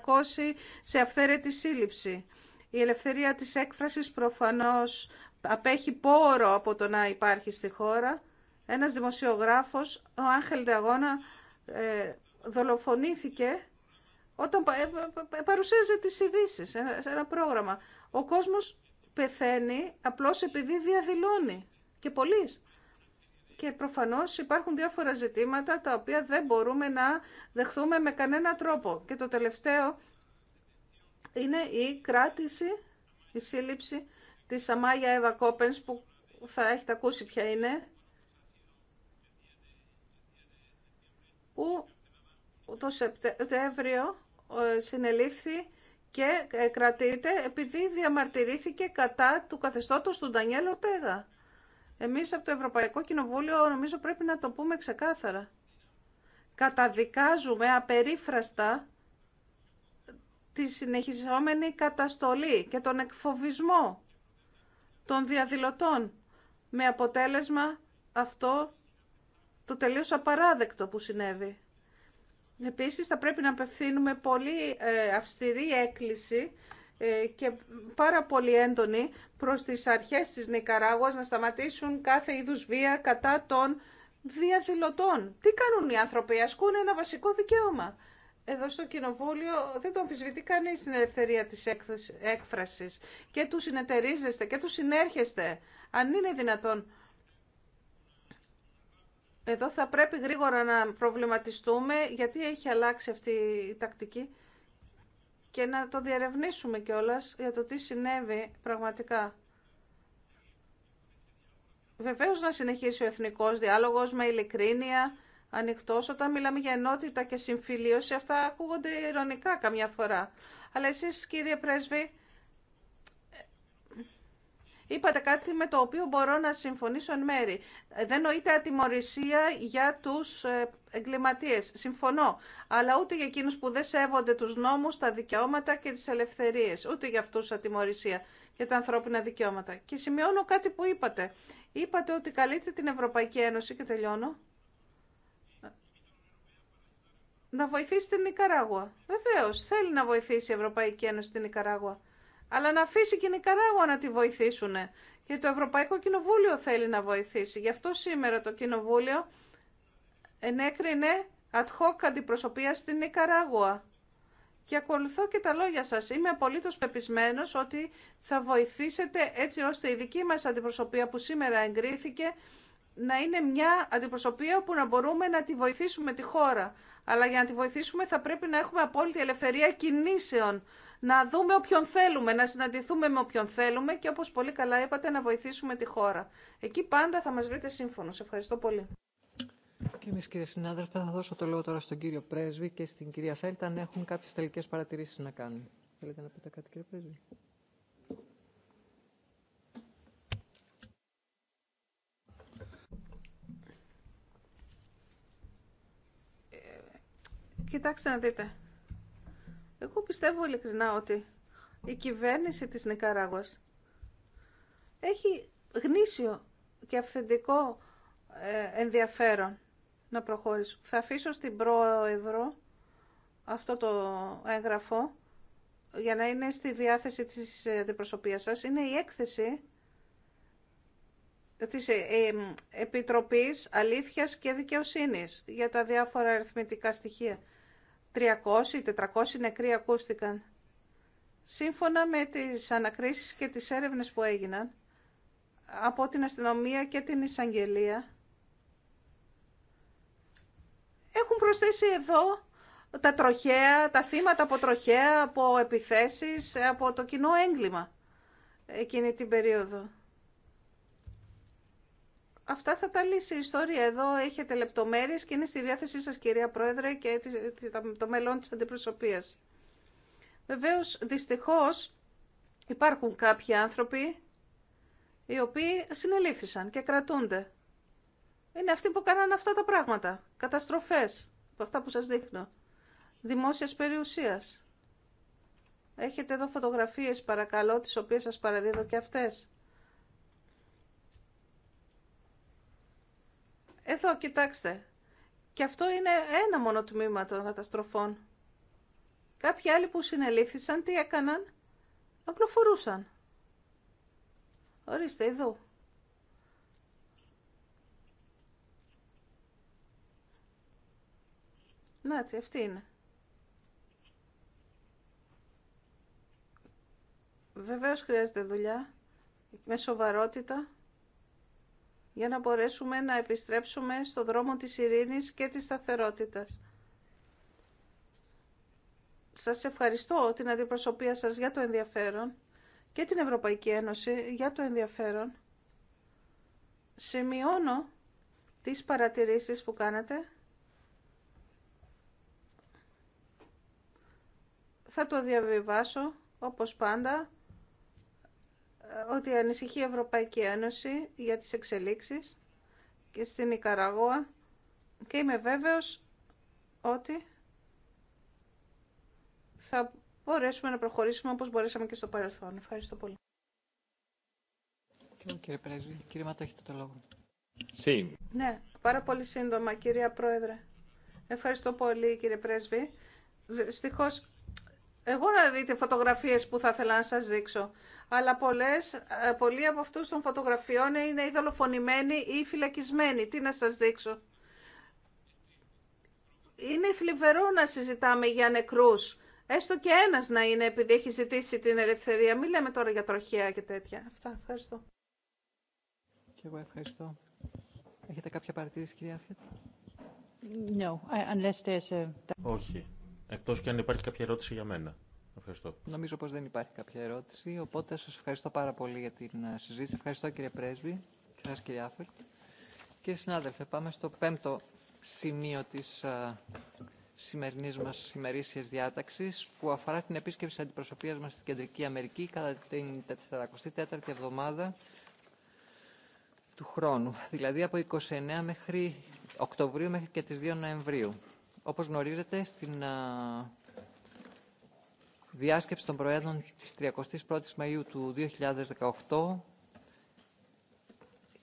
S3: σε αυθαίρετη σύλληψη. Η ελευθερία της έκφρασης προφανώς απέχει πόρο από το να υπάρχει στη χώρα. Ένας δημοσιογράφος, ο Άγχελ ε, δολοφονήθηκε όταν ε, παρουσίαζε τις ειδήσει ένα πρόγραμμα. Ο κόσμος πεθαίνει απλώς επειδή διαδηλώνει και πολλοί. Και προφανώς υπάρχουν διάφορα ζητήματα τα οποία δεν μπορούμε να δεχθούμε με κανένα τρόπο. Και το τελευταίο είναι η κράτηση, η σύλληψη της Αμάγια Εύα Κόπενς που θα έχετε ακούσει ποια είναι που το Σεπτέμβριο ε, συνελήφθη και ε, κρατείται επειδή διαμαρτυρήθηκε κατά του καθεστώτος του Ντανιέλ Ορτέγα. Εμείς από το Ευρωπαϊκό Κοινοβούλιο νομίζω πρέπει να το πούμε ξεκάθαρα. Καταδικάζουμε απερίφραστα τη συνεχιζόμενη καταστολή και τον εκφοβισμό των διαδηλωτών με αποτέλεσμα αυτό το τελείως απαράδεκτο που συνέβη. Επίσης θα πρέπει να απευθύνουμε πολύ ε, αυστηρή έκκληση ε, και πάρα πολύ έντονη προς τις αρχές της Νικαράγουας να σταματήσουν κάθε είδους βία κατά των διαδηλωτών. Τι κάνουν οι άνθρωποι, ασκούν ένα βασικό δικαίωμα εδώ στο Κοινοβούλιο δεν το αμφισβητεί κανεί την ελευθερία της έκφρασης. Και του συνεταιρίζεστε και του συνέρχεστε, αν είναι δυνατόν. Εδώ θα πρέπει γρήγορα να προβληματιστούμε γιατί έχει αλλάξει αυτή η τακτική και να το διερευνήσουμε κιόλας για το τι συνέβη πραγματικά. Βεβαίως να συνεχίσει ο εθνικός διάλογος με ειλικρίνεια, ανοιχτό. Όταν μιλάμε για ενότητα και συμφιλίωση, αυτά ακούγονται ηρωνικά καμιά φορά. Αλλά εσεί κύριε Πρέσβη, είπατε κάτι με το οποίο μπορώ να συμφωνήσω εν μέρη. Δεν νοείται ατιμορρησία για του ε, εγκληματίε. Συμφωνώ. Αλλά ούτε για εκείνου που δεν σέβονται τους νόμους, τα δικαιώματα και τι ελευθερίε. Ούτε για αυτού ατιμορρησία για τα ανθρώπινα δικαιώματα. Και σημειώνω κάτι που είπατε. Είπατε ότι καλείται την Ευρωπαϊκή Ένωση, και τελειώνω, να βοηθήσει την Νικαράγουα. Βεβαίω, θέλει να βοηθήσει η Ευρωπαϊκή Ένωση την Νικαράγουα. Αλλά να αφήσει και η Νικαράγουα να τη βοηθήσουν. Και το Ευρωπαϊκό Κοινοβούλιο θέλει να βοηθήσει. Γι' αυτό σήμερα το Κοινοβούλιο ενέκρινε ad hoc αντιπροσωπεία στην Νικαράγουα. Και ακολουθώ και τα λόγια σας. Είμαι απολύτως πεπισμένος ότι θα βοηθήσετε έτσι ώστε η δική μας αντιπροσωπεία που σήμερα εγκρίθηκε να είναι μια αντιπροσωπεία που να μπορούμε να τη βοηθήσουμε τη χώρα. Αλλά για να τη βοηθήσουμε θα πρέπει να έχουμε απόλυτη ελευθερία κινήσεων. Να δούμε όποιον θέλουμε, να συναντηθούμε με όποιον θέλουμε και όπως πολύ καλά είπατε να βοηθήσουμε τη χώρα. Εκεί πάντα θα μας βρείτε σύμφωνος. Ευχαριστώ πολύ.
S1: Και εμείς κύριε συνάδελφε θα δώσω το λόγο τώρα στον κύριο Πρέσβη και στην κυρία Φέλτα αν έχουν κάποιες τελικές παρατηρήσεις να κάνουν. Θέλετε να πείτε κάτι κύριε Πρέσβη.
S3: Κοιτάξτε να δείτε. Εγώ πιστεύω ειλικρινά ότι η κυβέρνηση της Νικαράγουας έχει γνήσιο και αυθεντικό ε, ενδιαφέρον να προχωρήσω. Θα αφήσω στην πρόεδρο αυτό το έγγραφο για να είναι στη διάθεση της αντιπροσωπείας σας. Είναι η έκθεση της ε, ε, Επιτροπής Αλήθειας και Δικαιοσύνης για τα διάφορα αριθμητικά στοιχεία. 300-400 νεκροί ακούστηκαν. Σύμφωνα με τις ανακρίσεις και τις έρευνες που έγιναν από την αστυνομία και την εισαγγελία, έχουν προσθέσει εδώ τα τροχέα, τα θύματα από τροχέα, από επιθέσεις, από το κοινό έγκλημα εκείνη την περίοδο. Αυτά θα τα λύσει η ιστορία. Εδώ έχετε λεπτομέρειες και είναι στη διάθεσή σας κυρία Πρόεδρε και το μέλλον της αντιπροσωπείας. Βεβαίως, δυστυχώς, υπάρχουν κάποιοι άνθρωποι οι οποίοι συνελήφθησαν και κρατούνται. Είναι αυτοί που κάνανε αυτά τα πράγματα. Καταστροφές, από αυτά που σας δείχνω. Δημόσιας περιουσίας. Έχετε εδώ φωτογραφίες παρακαλώ, τις οποίες σας παραδίδω και αυτές. Εδώ, κοιτάξτε. Και αυτό είναι ένα μόνο τμήμα των καταστροφών. Κάποιοι άλλοι που συνελήφθησαν, τι έκαναν. Απλοφορούσαν. Ορίστε, εδώ. Να, έτσι, αυτή είναι. Βεβαίως χρειάζεται δουλειά, με σοβαρότητα για να μπορέσουμε να επιστρέψουμε στο δρόμο της ειρήνης και της σταθερότητας. Σας ευχαριστώ την αντιπροσωπεία σας για το ενδιαφέρον και την Ευρωπαϊκή Ένωση για το ενδιαφέρον. Σημειώνω τις παρατηρήσεις που κάνατε. Θα το διαβιβάσω, όπως πάντα, ότι ανησυχεί η Ευρωπαϊκή Ένωση για τις εξελίξεις και στην Ικαραγώα και είμαι βέβαιος ότι θα μπορέσουμε να προχωρήσουμε όπως μπορέσαμε και στο παρελθόν. Ευχαριστώ πολύ.
S1: Κύριε Πρέσβη, κύριε Μάτα, έχετε το λόγο. Sí.
S3: Ναι, πάρα πολύ σύντομα, κυρία Πρόεδρε. Ευχαριστώ πολύ, κύριε Πρέσβη. Δυστυχώς εγώ να δείτε φωτογραφίες που θα ήθελα να σας δείξω. Αλλά πολλές, ε, πολλοί από αυτούς των φωτογραφιών είναι ή δολοφονημένοι ή φυλακισμένοι. Τι να σας δείξω. Είναι θλιβερό να συζητάμε για νεκρούς. Έστω και ένας να είναι επειδή έχει ζητήσει την ελευθερία. Μην λέμε τώρα για τροχέα και τέτοια. Αυτά. Ευχαριστώ.
S1: Και εγώ ευχαριστώ. Έχετε κάποια παρατήρηση κυρία No, unless there's a...
S2: Όχι. Εκτό και αν υπάρχει κάποια ερώτηση για μένα. Ευχαριστώ. Νομίζω πω δεν υπάρχει κάποια
S1: ερώτηση, οπότε σα ευχαριστώ πάρα πολύ για την ε, συζήτηση. Ευχαριστώ κύριε Πρέσβη και κύριε Άφερτ. Και συνάδελφε, πάμε στο πέμπτο σημείο τη ε, σημερινή μα ημερήσια διάταξη που αφορά την επίσκεψη αντιπροσωπεία μα στην Κεντρική Αμερική κατά την 44η εβδομάδα του χρόνου, δηλαδή από 29 μέχρι Οκτωβρίου μέχρι και τις 2 Νοεμβρίου. Όπως γνωρίζετε, στην διάσκεψη των Προέδρων της 31ης Μαΐου του 2018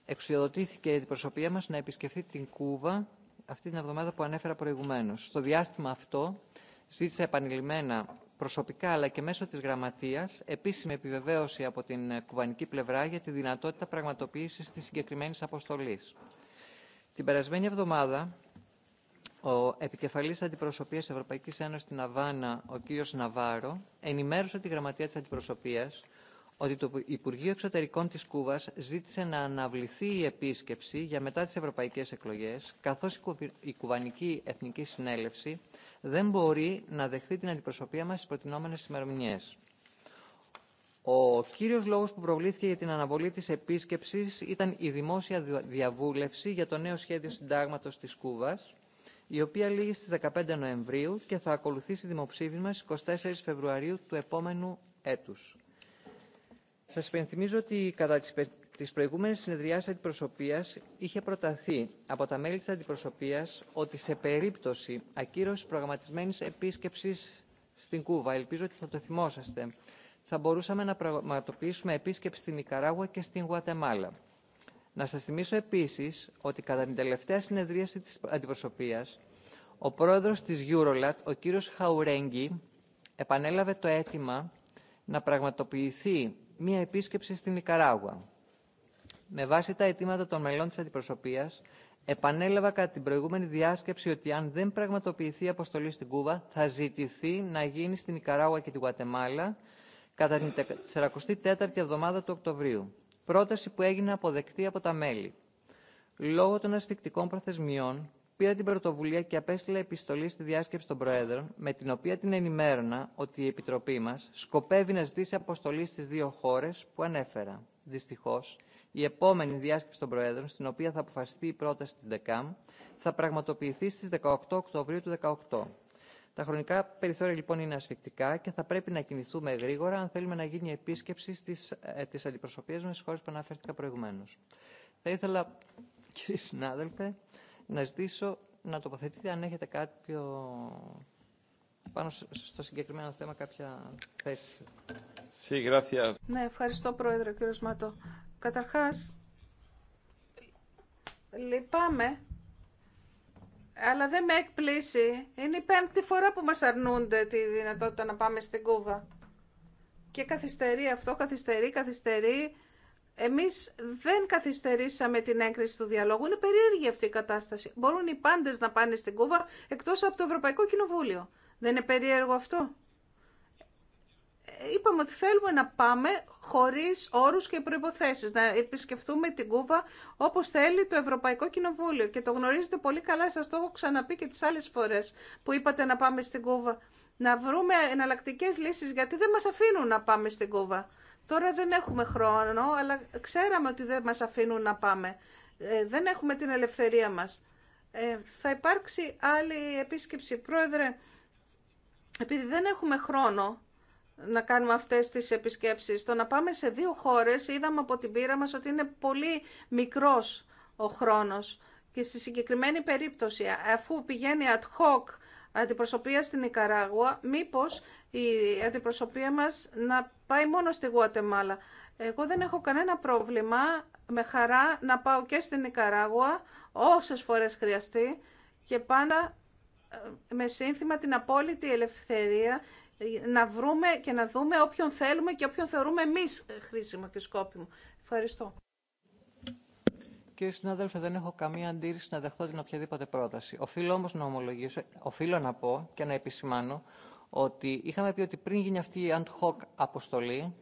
S1: εξουσιοδοτήθηκε η προσωπία μας να επισκεφθεί την Κούβα αυτή την εβδομάδα που ανέφερα προηγουμένως. Στο διάστημα αυτό ζήτησα επανειλημμένα προσωπικά αλλά και μέσω της Γραμματείας επίσημη επιβεβαίωση από την κουβανική πλευρά για τη δυνατότητα πραγματοποίησης της συγκεκριμένης αποστολής. Την περασμένη εβδομάδα ο επικεφαλής αντιπροσωπείας Ευρωπαϊκής Ένωσης στην Αβάνα, ο κύριος Ναβάρο, ενημέρωσε τη γραμματεία της αντιπροσωπείας ότι το Υπουργείο Εξωτερικών της Κούβας ζήτησε να αναβληθεί η επίσκεψη για μετά τις ευρωπαϊκές εκλογές, καθώς η Κουβανική Εθνική Συνέλευση δεν μπορεί να δεχθεί την αντιπροσωπεία μας στις προτινόμενες ημερομηνίες. Ο κύριος λόγος που προβλήθηκε για την αναβολή της επίσκεψης ήταν η δημόσια διαβούλευση για το νέο σχέδιο συντάγματος της Κούβας, η οποία λήγει στις 15 Νοεμβρίου και θα ακολουθήσει δημοψήφισμα στις 24 Φεβρουαρίου του επόμενου έτους. Σας υπενθυμίζω ότι κατά τις Τις προηγούμενες συνεδριάσεις αντιπροσωπείας είχε προταθεί από τα μέλη της αντιπροσωπείας ότι σε περίπτωση ακύρωσης προγραμματισμένης επίσκεψης στην Κούβα, ελπίζω ότι θα το θυμόσαστε, θα μπορούσαμε να πραγματοποιήσουμε επίσκεψη στην Ικαράγουα και στην Γουατεμάλα. Να σας θυμίσω επίσης ότι κατά την τελευταία συνεδρίαση της αντιπροσωπείας, ο πρόεδρος της Eurolat, ο κύριος Χαουρέγγι, επανέλαβε το αίτημα να πραγματοποιηθεί μία επίσκεψη στην Ικαράγουα. Με βάση τα αιτήματα των μελών της αντιπροσωπείας, επανέλαβα κατά την προηγούμενη διάσκεψη ότι αν δεν πραγματοποιηθεί η αποστολή στην Κούβα, θα ζητηθεί να γίνει στην Ικαράγουα και τη Γουατεμάλα κατά την 44η εβδομάδα του Οκτωβρίου πρόταση που έγινε αποδεκτή από τα μέλη. Λόγω των ασφικτικών προθεσμιών, πήρα την πρωτοβουλία και απέστειλα επιστολή στη διάσκεψη των Προέδρων, με την οποία την ενημέρωνα ότι η Επιτροπή μα σκοπεύει να ζητήσει αποστολή στι δύο χώρε που ανέφερα. Δυστυχώ, η επόμενη διάσκεψη των Προέδρων, στην οποία θα αποφασιστεί η πρόταση τη ΔΕΚΑΜ, θα πραγματοποιηθεί στι 18 Οκτωβρίου του 2018. Τα χρονικά περιθώρια λοιπόν είναι ασφικτικά και θα πρέπει να κινηθούμε γρήγορα αν θέλουμε να γίνει επίσκεψη στις, ε, μα στι μας στις που αναφέρθηκα προηγουμένως. Θα ήθελα, κύριε συνάδελφε, να ζητήσω να τοποθετείτε αν έχετε κάποιο πάνω στο συγκεκριμένο θέμα κάποια θέση.
S3: Ναι, ευχαριστώ Πρόεδρε, κύριο Σμάτο. Καταρχάς, λυπάμαι αλλά δεν με εκπλήσει. Είναι η πέμπτη φορά που μας αρνούνται τη δυνατότητα να πάμε στην Κούβα. Και καθυστερεί αυτό, καθυστερεί, καθυστερεί. Εμείς δεν καθυστερήσαμε την έγκριση του διαλόγου. Είναι περίεργη αυτή η κατάσταση. Μπορούν οι πάντες να πάνε στην Κούβα εκτός από το Ευρωπαϊκό Κοινοβούλιο. Δεν είναι περίεργο αυτό είπαμε ότι θέλουμε να πάμε χωρίς όρους και προϋποθέσεις, να επισκεφθούμε την Κούβα όπως θέλει το Ευρωπαϊκό Κοινοβούλιο. Και το γνωρίζετε πολύ καλά, σας το έχω ξαναπεί και τις άλλες φορές που είπατε να πάμε στην Κούβα. Να βρούμε εναλλακτικέ λύσεις, γιατί δεν μας αφήνουν να πάμε στην Κούβα. Τώρα δεν έχουμε χρόνο, αλλά ξέραμε ότι δεν μας αφήνουν να πάμε. Ε, δεν έχουμε την ελευθερία μας. Ε, θα υπάρξει άλλη επίσκεψη. Πρόεδρε, επειδή δεν έχουμε χρόνο, να κάνουμε αυτές τις επισκέψεις. Το να πάμε σε δύο χώρες είδαμε από την πείρα μας ότι είναι πολύ μικρός ο χρόνος και στη συγκεκριμένη περίπτωση αφού πηγαίνει ad hoc αντιπροσωπεία στην Νικαράγουα, μήπως η αντιπροσωπεία μας να πάει μόνο στη Γουατεμάλα. Εγώ δεν έχω κανένα πρόβλημα, με χαρά να πάω και στην Νικαράγουα όσες φορές χρειαστεί και πάντα ε, με σύνθημα την απόλυτη ελευθερία να βρούμε και να δούμε όποιον θέλουμε και όποιον θεωρούμε εμείς χρήσιμο και σκόπιμο. Ευχαριστώ.
S1: Κύριε συνάδελφε, δεν έχω καμία αντίρρηση να δεχθώ την οποιαδήποτε πρόταση. Οφείλω όμω να ομολογήσω, οφείλω να πω και να επισημάνω ότι είχαμε πει ότι πριν γίνει αυτή η ad hoc αποστολή,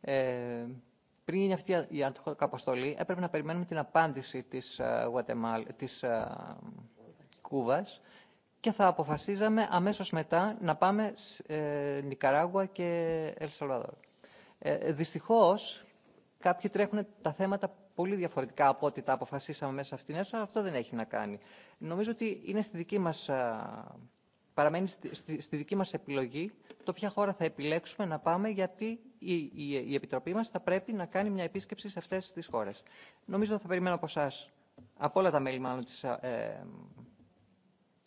S1: ε, πριν γίνει αυτή η ad hoc αποστολή, έπρεπε να περιμένουμε την απάντηση της, uh, Κούβας και θα αποφασίζαμε αμέσως μετά να πάμε σε Νικαράγουα και Ελσαλβαδόρ. Ε, δυστυχώς, κάποιοι τρέχουν τα θέματα πολύ διαφορετικά από ό,τι τα αποφασίσαμε μέσα αυτήν την αλλά αυτό δεν έχει να κάνει. Νομίζω ότι είναι στη δική μας, παραμένει στη, δική μας επιλογή το ποια χώρα θα επιλέξουμε να πάμε, γιατί η, η, Επιτροπή μας θα πρέπει να κάνει μια επίσκεψη σε αυτές τις χώρες. Νομίζω θα περιμένω από εσά από όλα τα μέλη μάλλον της, ε,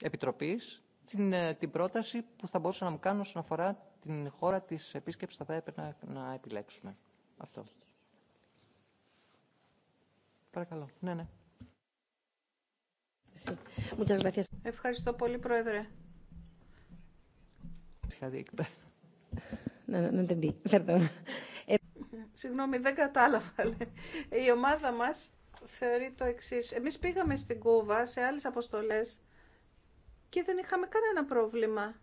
S1: Επιτροπής την, ε, την πρόταση που θα μπορούσα να μου κάνω όσον αφορά την χώρα της επίσκεψης θα έπρεπε να, να επιλέξουμε. Αυτό.
S3: Παρακαλώ. Ναι, ναι. Ευχαριστώ πολύ, Πρόεδρε. Ε, Συγγνώμη, δεν κατάλαβα. Η ομάδα μας θεωρεί το εξής. Εμείς πήγαμε στην Κούβα σε άλλες αποστολές και δεν είχαμε κανένα πρόβλημα.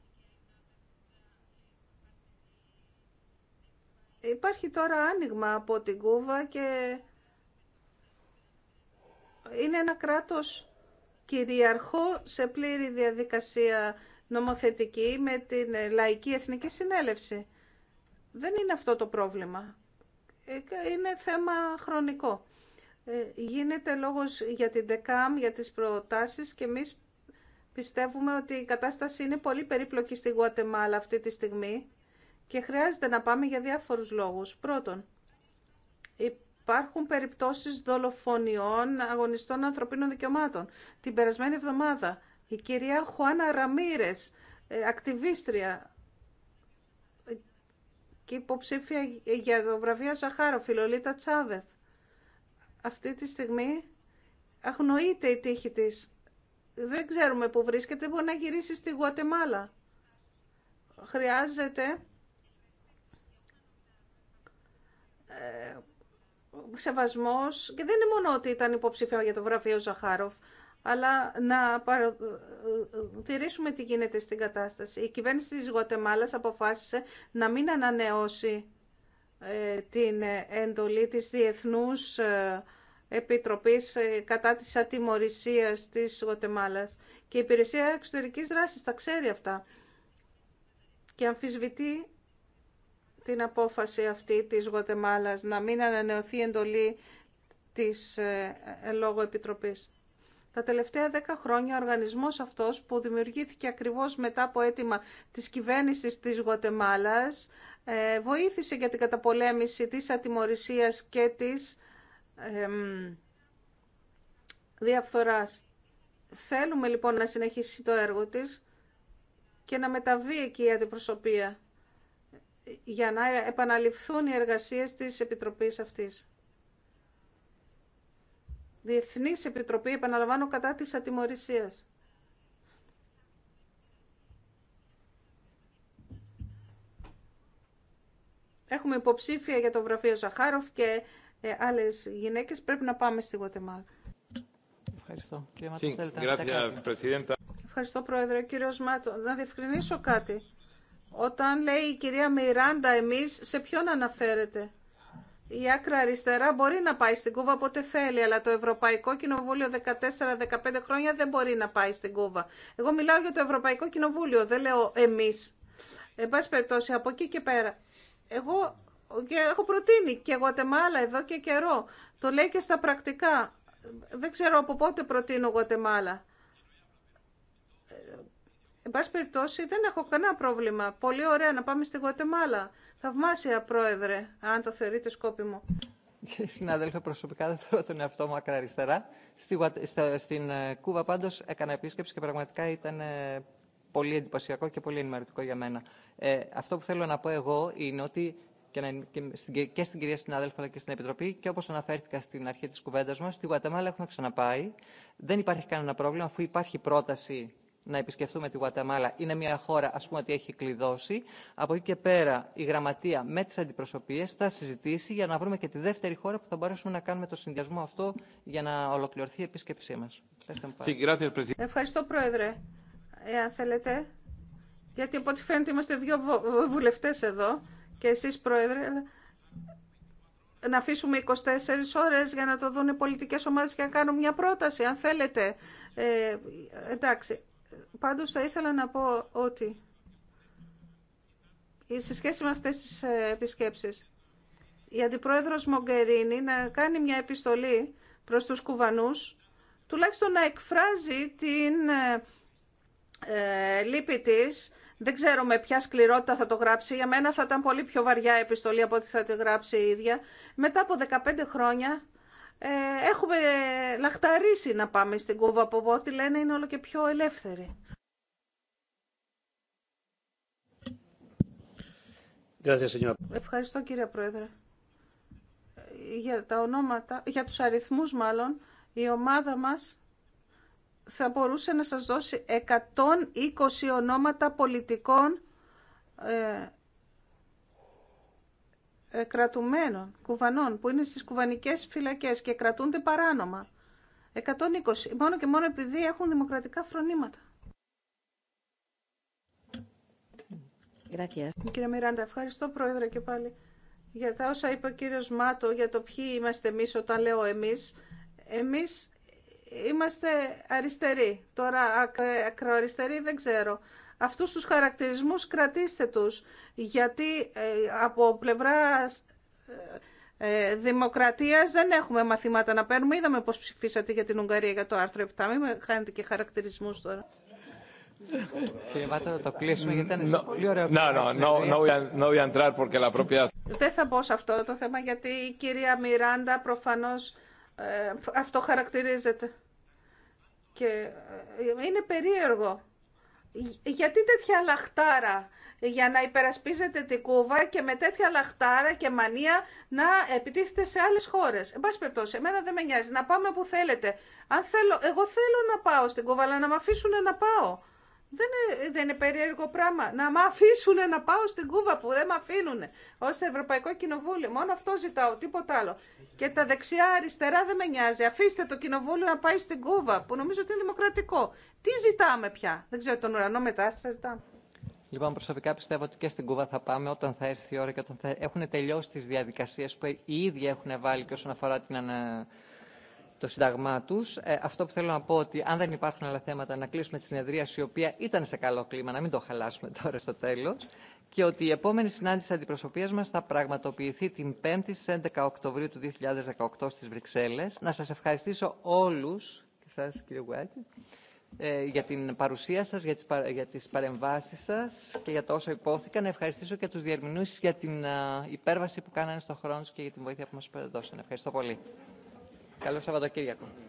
S3: Υπάρχει τώρα άνοιγμα από την Κούβα και είναι ένα κράτος κυριαρχό σε πλήρη διαδικασία νομοθετική με την Λαϊκή Εθνική Συνέλευση. Δεν είναι αυτό το πρόβλημα. Ε, είναι θέμα χρονικό. Ε, γίνεται λόγος για την ΤΕΚΑΜ, για τις προτάσεις και εμείς Πιστεύουμε ότι η κατάσταση είναι πολύ περίπλοκη στη Γουατεμάλα αυτή τη στιγμή και χρειάζεται να πάμε για διάφορους λόγους. Πρώτον, υπάρχουν περιπτώσεις δολοφονιών αγωνιστών ανθρωπίνων δικαιωμάτων. Την περασμένη εβδομάδα η κυρία Χουάνα Ραμύρες, ε, ακτιβίστρια και υποψήφια για το βραβείο Ζαχάρο, Φιλολίτα Τσάβεθ. Αυτή τη στιγμή αγνοείται η τύχη της δεν ξέρουμε που βρίσκεται, μπορεί να γυρίσει στη Γουατεμάλα. Χρειάζεται ε, σεβασμός και δεν είναι μόνο ότι ήταν υποψήφιο για το βραβείο Ζαχάροφ, αλλά να παρατηρήσουμε τι γίνεται στην κατάσταση. Η κυβέρνηση της Γουατεμάλας αποφάσισε να μην ανανεώσει ε, την ε, εντολή της Διεθνούς Επιτροπής ε, κατά της ατιμορρησίας της Γοτεμάλας. Και η Υπηρεσία Εξωτερικής Δράσης τα ξέρει αυτά και αμφισβητεί την απόφαση αυτή της Γοτεμάλας να μην ανανεωθεί εντολή της ε, λόγω επιτροπής. Τα τελευταία δέκα χρόνια ο οργανισμός αυτός που δημιουργήθηκε ακριβώς μετά από αίτημα της κυβέρνησης της Γοτεμάλας ε, βοήθησε για την καταπολέμηση της ατιμορρησίας και της διαφθοράς. Θέλουμε λοιπόν να συνεχίσει το έργο της και να μεταβεί εκεί η αντιπροσωπεία για να επαναληφθούν οι εργασίες της Επιτροπής αυτής. Διεθνής Επιτροπή, επαναλαμβάνω, κατά της ατιμορρησίας. Έχουμε υποψήφια για το βραβείο Ζαχάροφ και ε, Άλλε γυναίκες, πρέπει να πάμε στη Γουατεμάλα. Ευχαριστώ. κύριε Ευχαριστώ, Πρόεδρε. Κύριο Μάτο, να διευκρινίσω κάτι. Όταν λέει η κυρία Μιράντα εμείς, σε ποιον αναφέρεται. Η άκρα αριστερά μπορεί να πάει στην Κούβα όποτε θέλει, αλλά το Ευρωπαϊκό Κοινοβούλιο 14-15 χρόνια δεν μπορεί να πάει στην Κούβα. Εγώ μιλάω για το Ευρωπαϊκό Κοινοβούλιο, δεν λέω εμεί. Εν πάση περιπτώσει, από εκεί και πέρα. Εγώ και έχω προτείνει και Γουατεμάλα εδώ και καιρό. Το λέει και στα πρακτικά. Δεν ξέρω από πότε προτείνω Γουατεμάλα. Ε, εν πάση περιπτώσει δεν έχω κανένα πρόβλημα. Πολύ ωραία να πάμε στη Γουατεμάλα. Θαυμάσια πρόεδρε, αν το θεωρείτε σκόπιμο.
S1: Κύριε συνάδελφε, προσωπικά δεν θεωρώ τον εαυτό μου ακρά αριστερά. Στη, στην ε, Κούβα πάντως έκανα επίσκεψη και πραγματικά ήταν ε, πολύ εντυπωσιακό και πολύ ενημερωτικό για μένα. Ε, αυτό που θέλω να πω εγώ είναι ότι και, και στην κυρία συνάδελφα αλλά και στην Επιτροπή και όπω αναφέρθηκα στην αρχή τη κουβέντα μα, στη Γουατεμάλα έχουμε ξαναπάει. Δεν υπάρχει κανένα πρόβλημα αφού υπάρχει πρόταση να επισκεφθούμε τη Γουατεμάλα. Είναι μια χώρα, α πούμε, ότι έχει κλειδώσει. Από εκεί και πέρα η γραμματεία με τι αντιπροσωπείε θα συζητήσει για να βρούμε και τη δεύτερη χώρα που θα μπορέσουμε να κάνουμε το συνδυασμό αυτό για να ολοκληρωθεί η επίσκεψή μα.
S3: Ευχαριστώ, Πρόεδρε. Εάν θέλετε, γιατί από ό,τι φαίνεται είμαστε δύο βουλευτές εδώ και εσείς Πρόεδρε να αφήσουμε 24 ώρες για να το δουν οι πολιτικές ομάδες και να κάνουν μια πρόταση αν θέλετε. Ε, εντάξει, πάντως θα ήθελα να πω ότι σε σχέση με αυτές τις ε, επισκέψεις η Αντιπρόεδρος Μογκερίνη να κάνει μια επιστολή προς τους Κουβανούς τουλάχιστον να εκφράζει την ε, ε λύπη της δεν ξέρω με ποια σκληρότητα θα το γράψει. Για μένα θα ήταν πολύ πιο βαριά η επιστολή από ό,τι θα τη γράψει η ίδια. Μετά από 15 χρόνια ε, έχουμε λαχταρίσει να πάμε στην Κούβα από ό,τι λένε είναι όλο και πιο ελεύθερη. Ευχαριστώ κύριε Πρόεδρε. Για τα ονόματα, για τους αριθμούς μάλλον, η ομάδα μας θα μπορούσε να σας δώσει 120 ονόματα πολιτικών ε, ε, κρατουμένων, κουβανών, που είναι στις κουβανικές φυλακές και κρατούνται παράνομα. 120, μόνο και μόνο επειδή έχουν δημοκρατικά φρονήματα. Κύριε Μιράντα, ευχαριστώ Πρόεδρε και πάλι για τα όσα είπε ο κύριος Μάτο για το ποιοι είμαστε εμείς όταν λέω εμείς. Εμείς είμαστε αριστεροί. Τώρα ακροαριστεροί δεν ξέρω. Αυτούς τους χαρακτηρισμούς κρατήστε τους, γιατί από πλευρά δημοκρατίας δεν έχουμε μαθήματα να παίρνουμε. Είδαμε πώς ψηφίσατε για την Ουγγαρία για το άρθρο 7. Μην χάνετε και χαρακτηρισμούς τώρα.
S1: Κύριε να το κλείσουμε γιατί πολύ ωραίο.
S3: Δεν θα μπω σε αυτό το θέμα γιατί η κυρία Μιράντα προφανώς ε, αυτό χαρακτηρίζεται. Και ε, είναι περίεργο. Γιατί τέτοια λαχτάρα για να υπερασπίζετε την Κούβα και με τέτοια λαχτάρα και μανία να επιτίθεται σε άλλες χώρες. Εν πάση εμένα δεν με νοιάζει. Να πάμε όπου θέλετε. Αν θέλω, εγώ θέλω να πάω στην Κούβα, αλλά να με αφήσουν να πάω. Δεν είναι, δεν είναι περίεργο πράγμα. Να με αφήσουν να πάω στην Κούβα που δεν με αφήνουν. Ω Ευρωπαϊκό Κοινοβούλιο. Μόνο αυτό ζητάω, τίποτα άλλο. Και τα δεξιά-αριστερά δεν με νοιάζει. Αφήστε το Κοινοβούλιο να πάει στην Κούβα που νομίζω ότι είναι δημοκρατικό. Τι ζητάμε πια. Δεν ξέρω, τον ουρανό μετάστρα. άστρα ζητάμε.
S1: Λοιπόν, προσωπικά πιστεύω ότι και στην Κούβα θα πάμε όταν θα έρθει η ώρα και όταν θα έχουν τελειώσει τι διαδικασίε που οι ίδιοι έχουν βάλει και όσον αφορά την ανα το Σύνταγμά του. Ε, αυτό που θέλω να πω ότι αν δεν υπάρχουν άλλα θέματα, να κλείσουμε τη συνεδρία, η οποία ήταν σε καλό κλίμα, να μην το χαλάσουμε τώρα στο τέλο. Και ότι η επόμενη συνάντηση αντιπροσωπεία μα θα πραγματοποιηθεί την 5η στι 11 Οκτωβρίου του 2018 στι Βρυξέλλε. Να σα ευχαριστήσω όλου, και εσά κύριε Γουάτζη, ε, για την παρουσία σας, για τις, παρεμβάσει για τις παρεμβάσεις σας και για το όσα υπόθηκαν. Ευχαριστήσω και τους διερμηνούς για την ε, υπέρβαση που κάνανε στον χρόνο και για την βοήθεια που μας δώσαν. Ευχαριστώ πολύ. Καλό Σαββατοκύριακο.